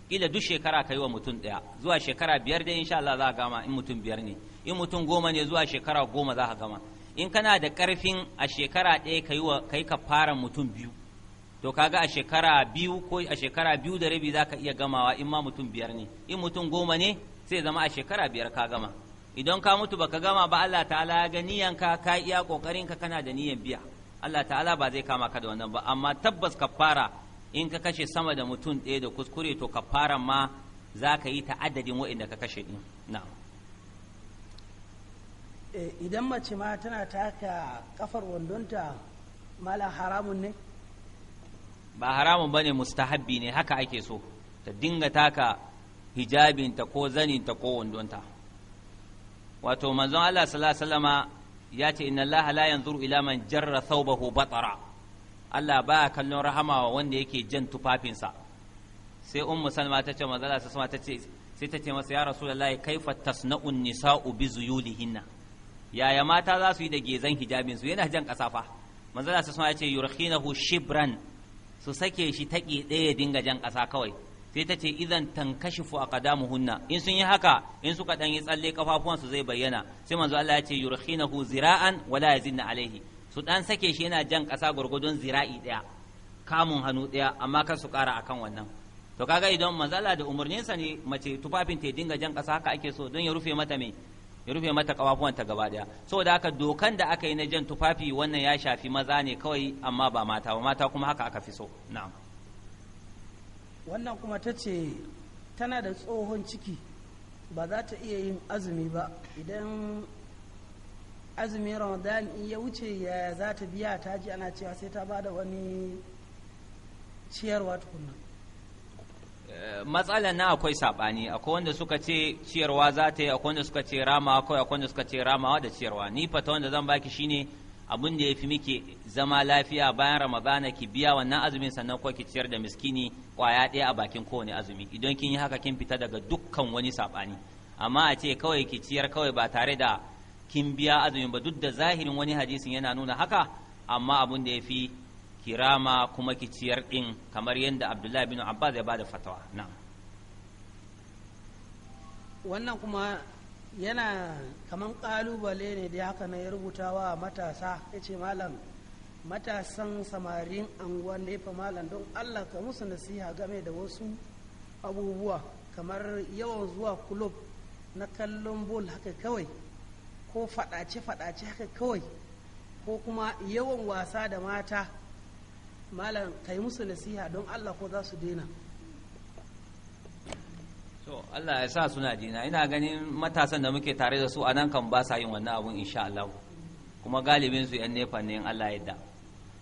kila duk shekara ka yi wa mutum ɗaya zuwa shekara biyar dai insha Allah za ka gama in mutum biyar ne in mutum goma ne zuwa shekara goma za ka gama in kana da ƙarfin a shekara ɗaya ka yi ka fara mutum biyu to kaga a shekara biyu ko a shekara biyu da rabi za ka iya gamawa in ma mutum biyar ne in mutum goma ne sai zama a shekara biyar ka gama idan ka mutu baka gama ba Allah ta'ala ya ga niyanka ka iya kokarin ka kana da niyan biya Allah ta'ala ba zai kama ka da wannan ba amma tabbas ka fara in ka kashe sama da mutum ɗaya da kuskure to ka fara ma za ka yi ta adadin waɗanda ka kashe ɗin na'am Eh, idan mace ma tana taka kafar wandonta mala haramun ne ba haramun ba ne mustahabbi ne haka ake so ta dinga taka hijabinta ko zaninta ko wandonta wato manzon Allah sallallahu alaihi ya ce inna Allah la yanzuru ila man jarra thawbahu batara Allah ba kallon rahama wa wanda yake jan tufafinsa sai ummu salma ta ce manzon Allah sallallahu alaihi wasallama ta ce sai ta ce masa ya rasulullahi kaifa tasna'un nisa'u bi zuyulihinna yaya mata za su yi da gezan hijabin su yana jan kasafa fa manzala suna sun ce yurkhinahu shibran su sake shi taƙi ɗaya dinga jan ƙasa kawai sai ta ce idan tankashifu hunna in sun yi haka in suka dan yi tsalle kafafuwan su zai bayyana sai manzo Allah ya ce yurkhinahu zira'an wala yazinna alaihi su ɗan sake shi yana jan ƙasa gurgudun zira'i ɗaya kamun hannu ɗaya amma kan su ƙara akan wannan to kaga idan manzo da da umarninsa ne mace tufafin ta dinga jan ƙasa haka ake so don ya rufe mata mai ya rufe mata ta gaba daya saboda haka dokan da aka yi na jan tufafi wannan ya shafi maza ne kawai amma ba mata ba mata kuma haka aka fi so na'am wannan kuma ta ce tana da tsohon ciki ba za ta iya yin azumi ba idan azumin ramadan in ya wuce ya za ta biya ta ji ana cewa sai ta ba da wani ciyarwa tukunna matsalan na akwai saɓani akwai wanda suka ce ciyarwa za ta yi akwai wanda suka ce ramawa akwai akwai wanda suka ce ramawa da ciyarwa ni fata wanda zan baki shine abin da ya fi miki zama lafiya bayan ramadana ki biya wannan azumin sannan kuma ki ciyar da miskini kwaya ɗaya a bakin kowane azumi idan kin yi haka kin fita daga dukkan wani saɓani amma a ce kawai ki ciyar kawai ba tare da kin biya azumin ba duk da zahirin wani hadisin yana nuna haka amma abin da ya fi kirama kuma ki ciyar din kamar yadda abdullahi bin abbas ya bada fatawa na wannan kuma yana kamar kalubale ne da haka na ya rubuta wa matasa ya ce malam matasan samarin anguwan nefa malam don allah ka musu nasiha game da wasu abubuwa kamar yawan zuwa kulob na kallon bol haka kawai ko faɗace-faɗace haka kawai ko kuma yawan wasa da mata malam kai musu nasiha don Allah ko za su daina So, Allah ya sa suna dina ina ganin matasan da muke tare da su a nan kan ba sa yin wannan abun insha Allah kuma galibin su yan nefa ne in Allah yadda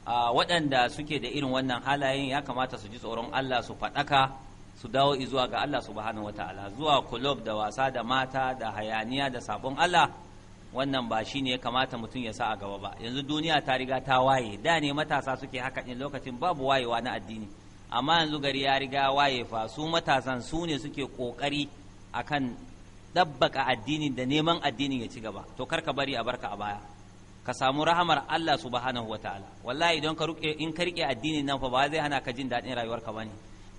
a waɗanda suke da irin wannan halayen ya kamata su ji tsoron Allah su faɗaka su dawo zuwa ga Allah subhanahu wataala zuwa kulob da wasa da mata da hayaniya da sabon Allah wannan ba shi ne ya kamata mutum ya sa a gaba ba yanzu duniya ta riga ta waye da ne matasa suke haka ɗin lokacin babu wayewa na addini amma yanzu gari ya riga waye fa su matasan su ne suke ƙoƙari akan ɗabbaka addini da neman addinin ya ci gaba to kar ka bari a barka a baya ka samu rahamar Allah subhanahu taala wallahi idan ka rike in ka rike addinin nan fa ba zai hana ka jin daɗin rayuwarka ne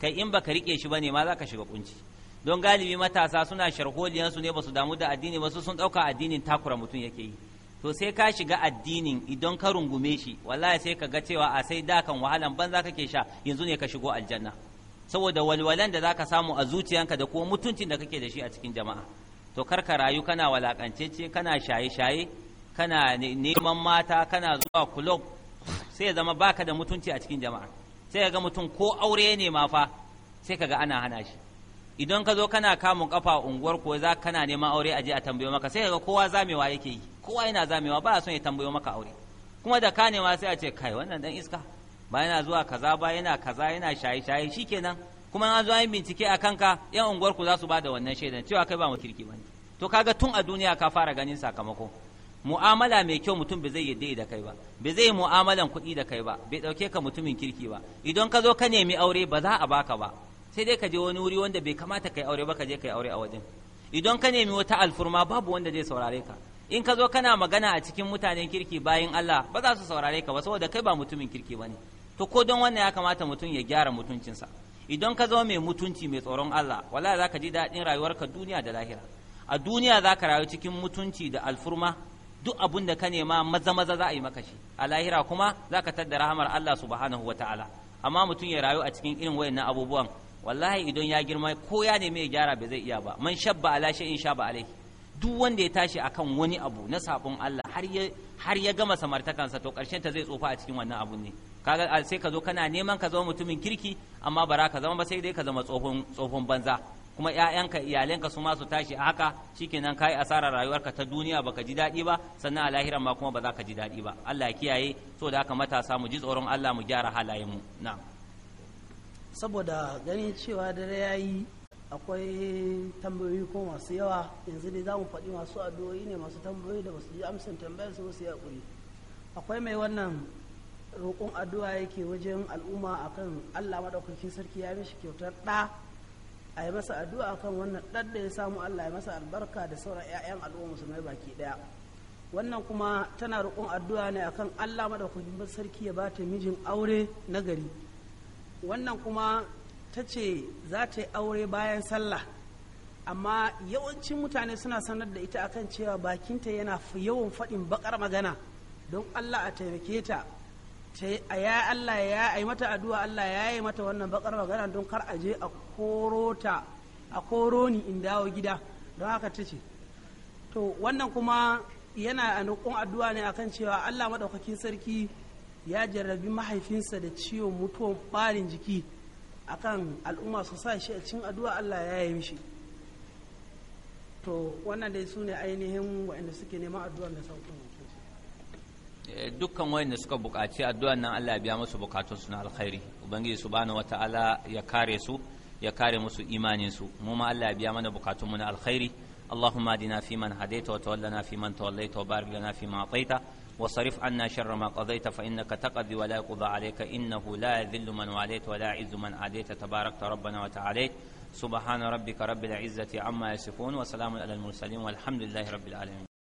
kai in baka rike shi bane ma za ka shiga kunci don galibi matasa suna sharholiyansu ne ba su damu da addini ba su sun ɗauka addinin takura mutum yake yi to sai ka shiga addinin idan ka rungume shi wallahi sai ka ga cewa a sai da kan wahalan banza kake sha yanzu ne ka shigo aljanna saboda walwalan da zaka samu a zuciyanka da kuma mutuncin da kake da shi a cikin jama'a to kar ka rayu kana walakancece kana shaye-shaye kana neman mata kana zuwa kulob sai ya zama baka da mutunci a cikin jama'a sai ka ga mutum ko aure ne ma fa sai ka ga ana hana shi idan ka zo kana kamun kafa unguwar ko za kana neman aure a je a tambayo maka sai kaga kowa zamewa yake yi kowa yana zamewa ba son ya tambayo maka aure kuma da ka nema sai a ce kai wannan dan iska ba yana zuwa kaza ba yana kaza yana shaye shaye shikenan kuma an zo an bincike a kanka yan unguwar ku za su bada wannan shaidan cewa kai ba mu kirki bane to kaga tun a duniya ka fara ganin sakamako mu'amala mai kyau mutum bai zai yadda da kai ba bai zai mu'amalan kuɗi da kai ba bai ɗauke ka mutumin kirki ba idan ka zo ka nemi aure ba za a baka ba sai dai ka je wani wuri wanda bai kamata kai aure ba ka je kai aure a wajen idan ka nemi wata alfurma babu wanda zai saurare ka in ka zo kana magana a cikin mutanen kirki bayan Allah ba za su saurare ka ba saboda kai ba mutumin kirki bane to ko don wannan ya kamata mutum ya gyara mutuncinsa idan ka zo mai mutunci mai tsoron Allah wallahi zaka ji daɗin rayuwarka duniya da lahira a duniya zaka rayu cikin mutunci da alfurma duk abun da ka nema maza maza za a yi maka shi a lahira kuma zaka tadda rahamar Allah subhanahu wataala amma mutum ya rayu a cikin irin wayannan abubuwan wallahi idan ya girma ko ya nemi ya gyara ba zai iya ba man shabba ala shay'in shaba alai duk wanda ya tashi akan wani abu na sabon Allah har ya har ya gama samartakansa to karshen ta zai tsofa a cikin wannan abu ne kaga sai ka zo kana neman ka zama mutumin kirki amma bara ka zama ba sai dai ka zama tsofon tsofon banza kuma ƴaƴanka iyalanka su ma su tashi a haka shikenan kai asara rayuwarka ta duniya baka ji daɗi ba sannan a lahiran ma kuma ba za ka ji daɗi ba Allah ya kiyaye so da haka matasa mu ji tsoron Allah mu gyara halayen mu na'am saboda ganin cewa dare ya yi akwai tambayoyi ko masu yawa yanzu dai za mu faɗi masu addu'o'i ne masu tambayoyi da basu ji amsan tambayar su su yi akwai mai wannan roƙon addu'a yake wajen al'umma akan Allah maɗaukakin sarki ya mishi kyautar ɗa a yi masa addu'a kan wannan ɗan da ya samu Allah ya masa albarka da saura 'ya'yan al'umma musulmai baki ɗaya wannan kuma tana roƙon addu'a ne akan Allah maɗaukakin sarki ya bata mijin aure na gari wannan kuma ta ce za ta yi aure bayan sallah amma yawancin mutane suna sanar da ita akan cewa bakinta yana yawan faɗin bakar magana don allah a taimake ta a ya allah ya yi mata addu'a allah ya yi mata wannan bakar magana don kar a je a koro ta a koro ni in dawo gida don haka ta ce to wannan kuma yana a addu'a ne akan cewa allah maɗaukakin sarki ya jarrabi mahaifinsa da ciwon mutuwan ɓarin jiki akan al'umma su sa shi a cikin addu'a Allah ya yi mishi to wannan dai su ne ainihin waɗanda suke neman addu'ar na sauƙin eh, dukkan wayanda suka buƙaci addu'an nan Allah ya biya musu bukatun su na alkhairi ubangiji subhanahu wata'ala ya kare su ya kare musu imanin su mu ma Allah ya biya mana bukatun mu na alkhairi اللهم اهدنا فيمن هديت وتولنا فيمن توليت وبارك لنا فيما اعطيت وصرف عنا شر ما قضيت فإنك تقضي ولا يقضى عليك إنه لا يذل من واليت ولا يعز من عاديت تباركت ربنا وتعاليت سبحان ربك رب العزة عما يصفون وسلام على المرسلين والحمد لله رب العالمين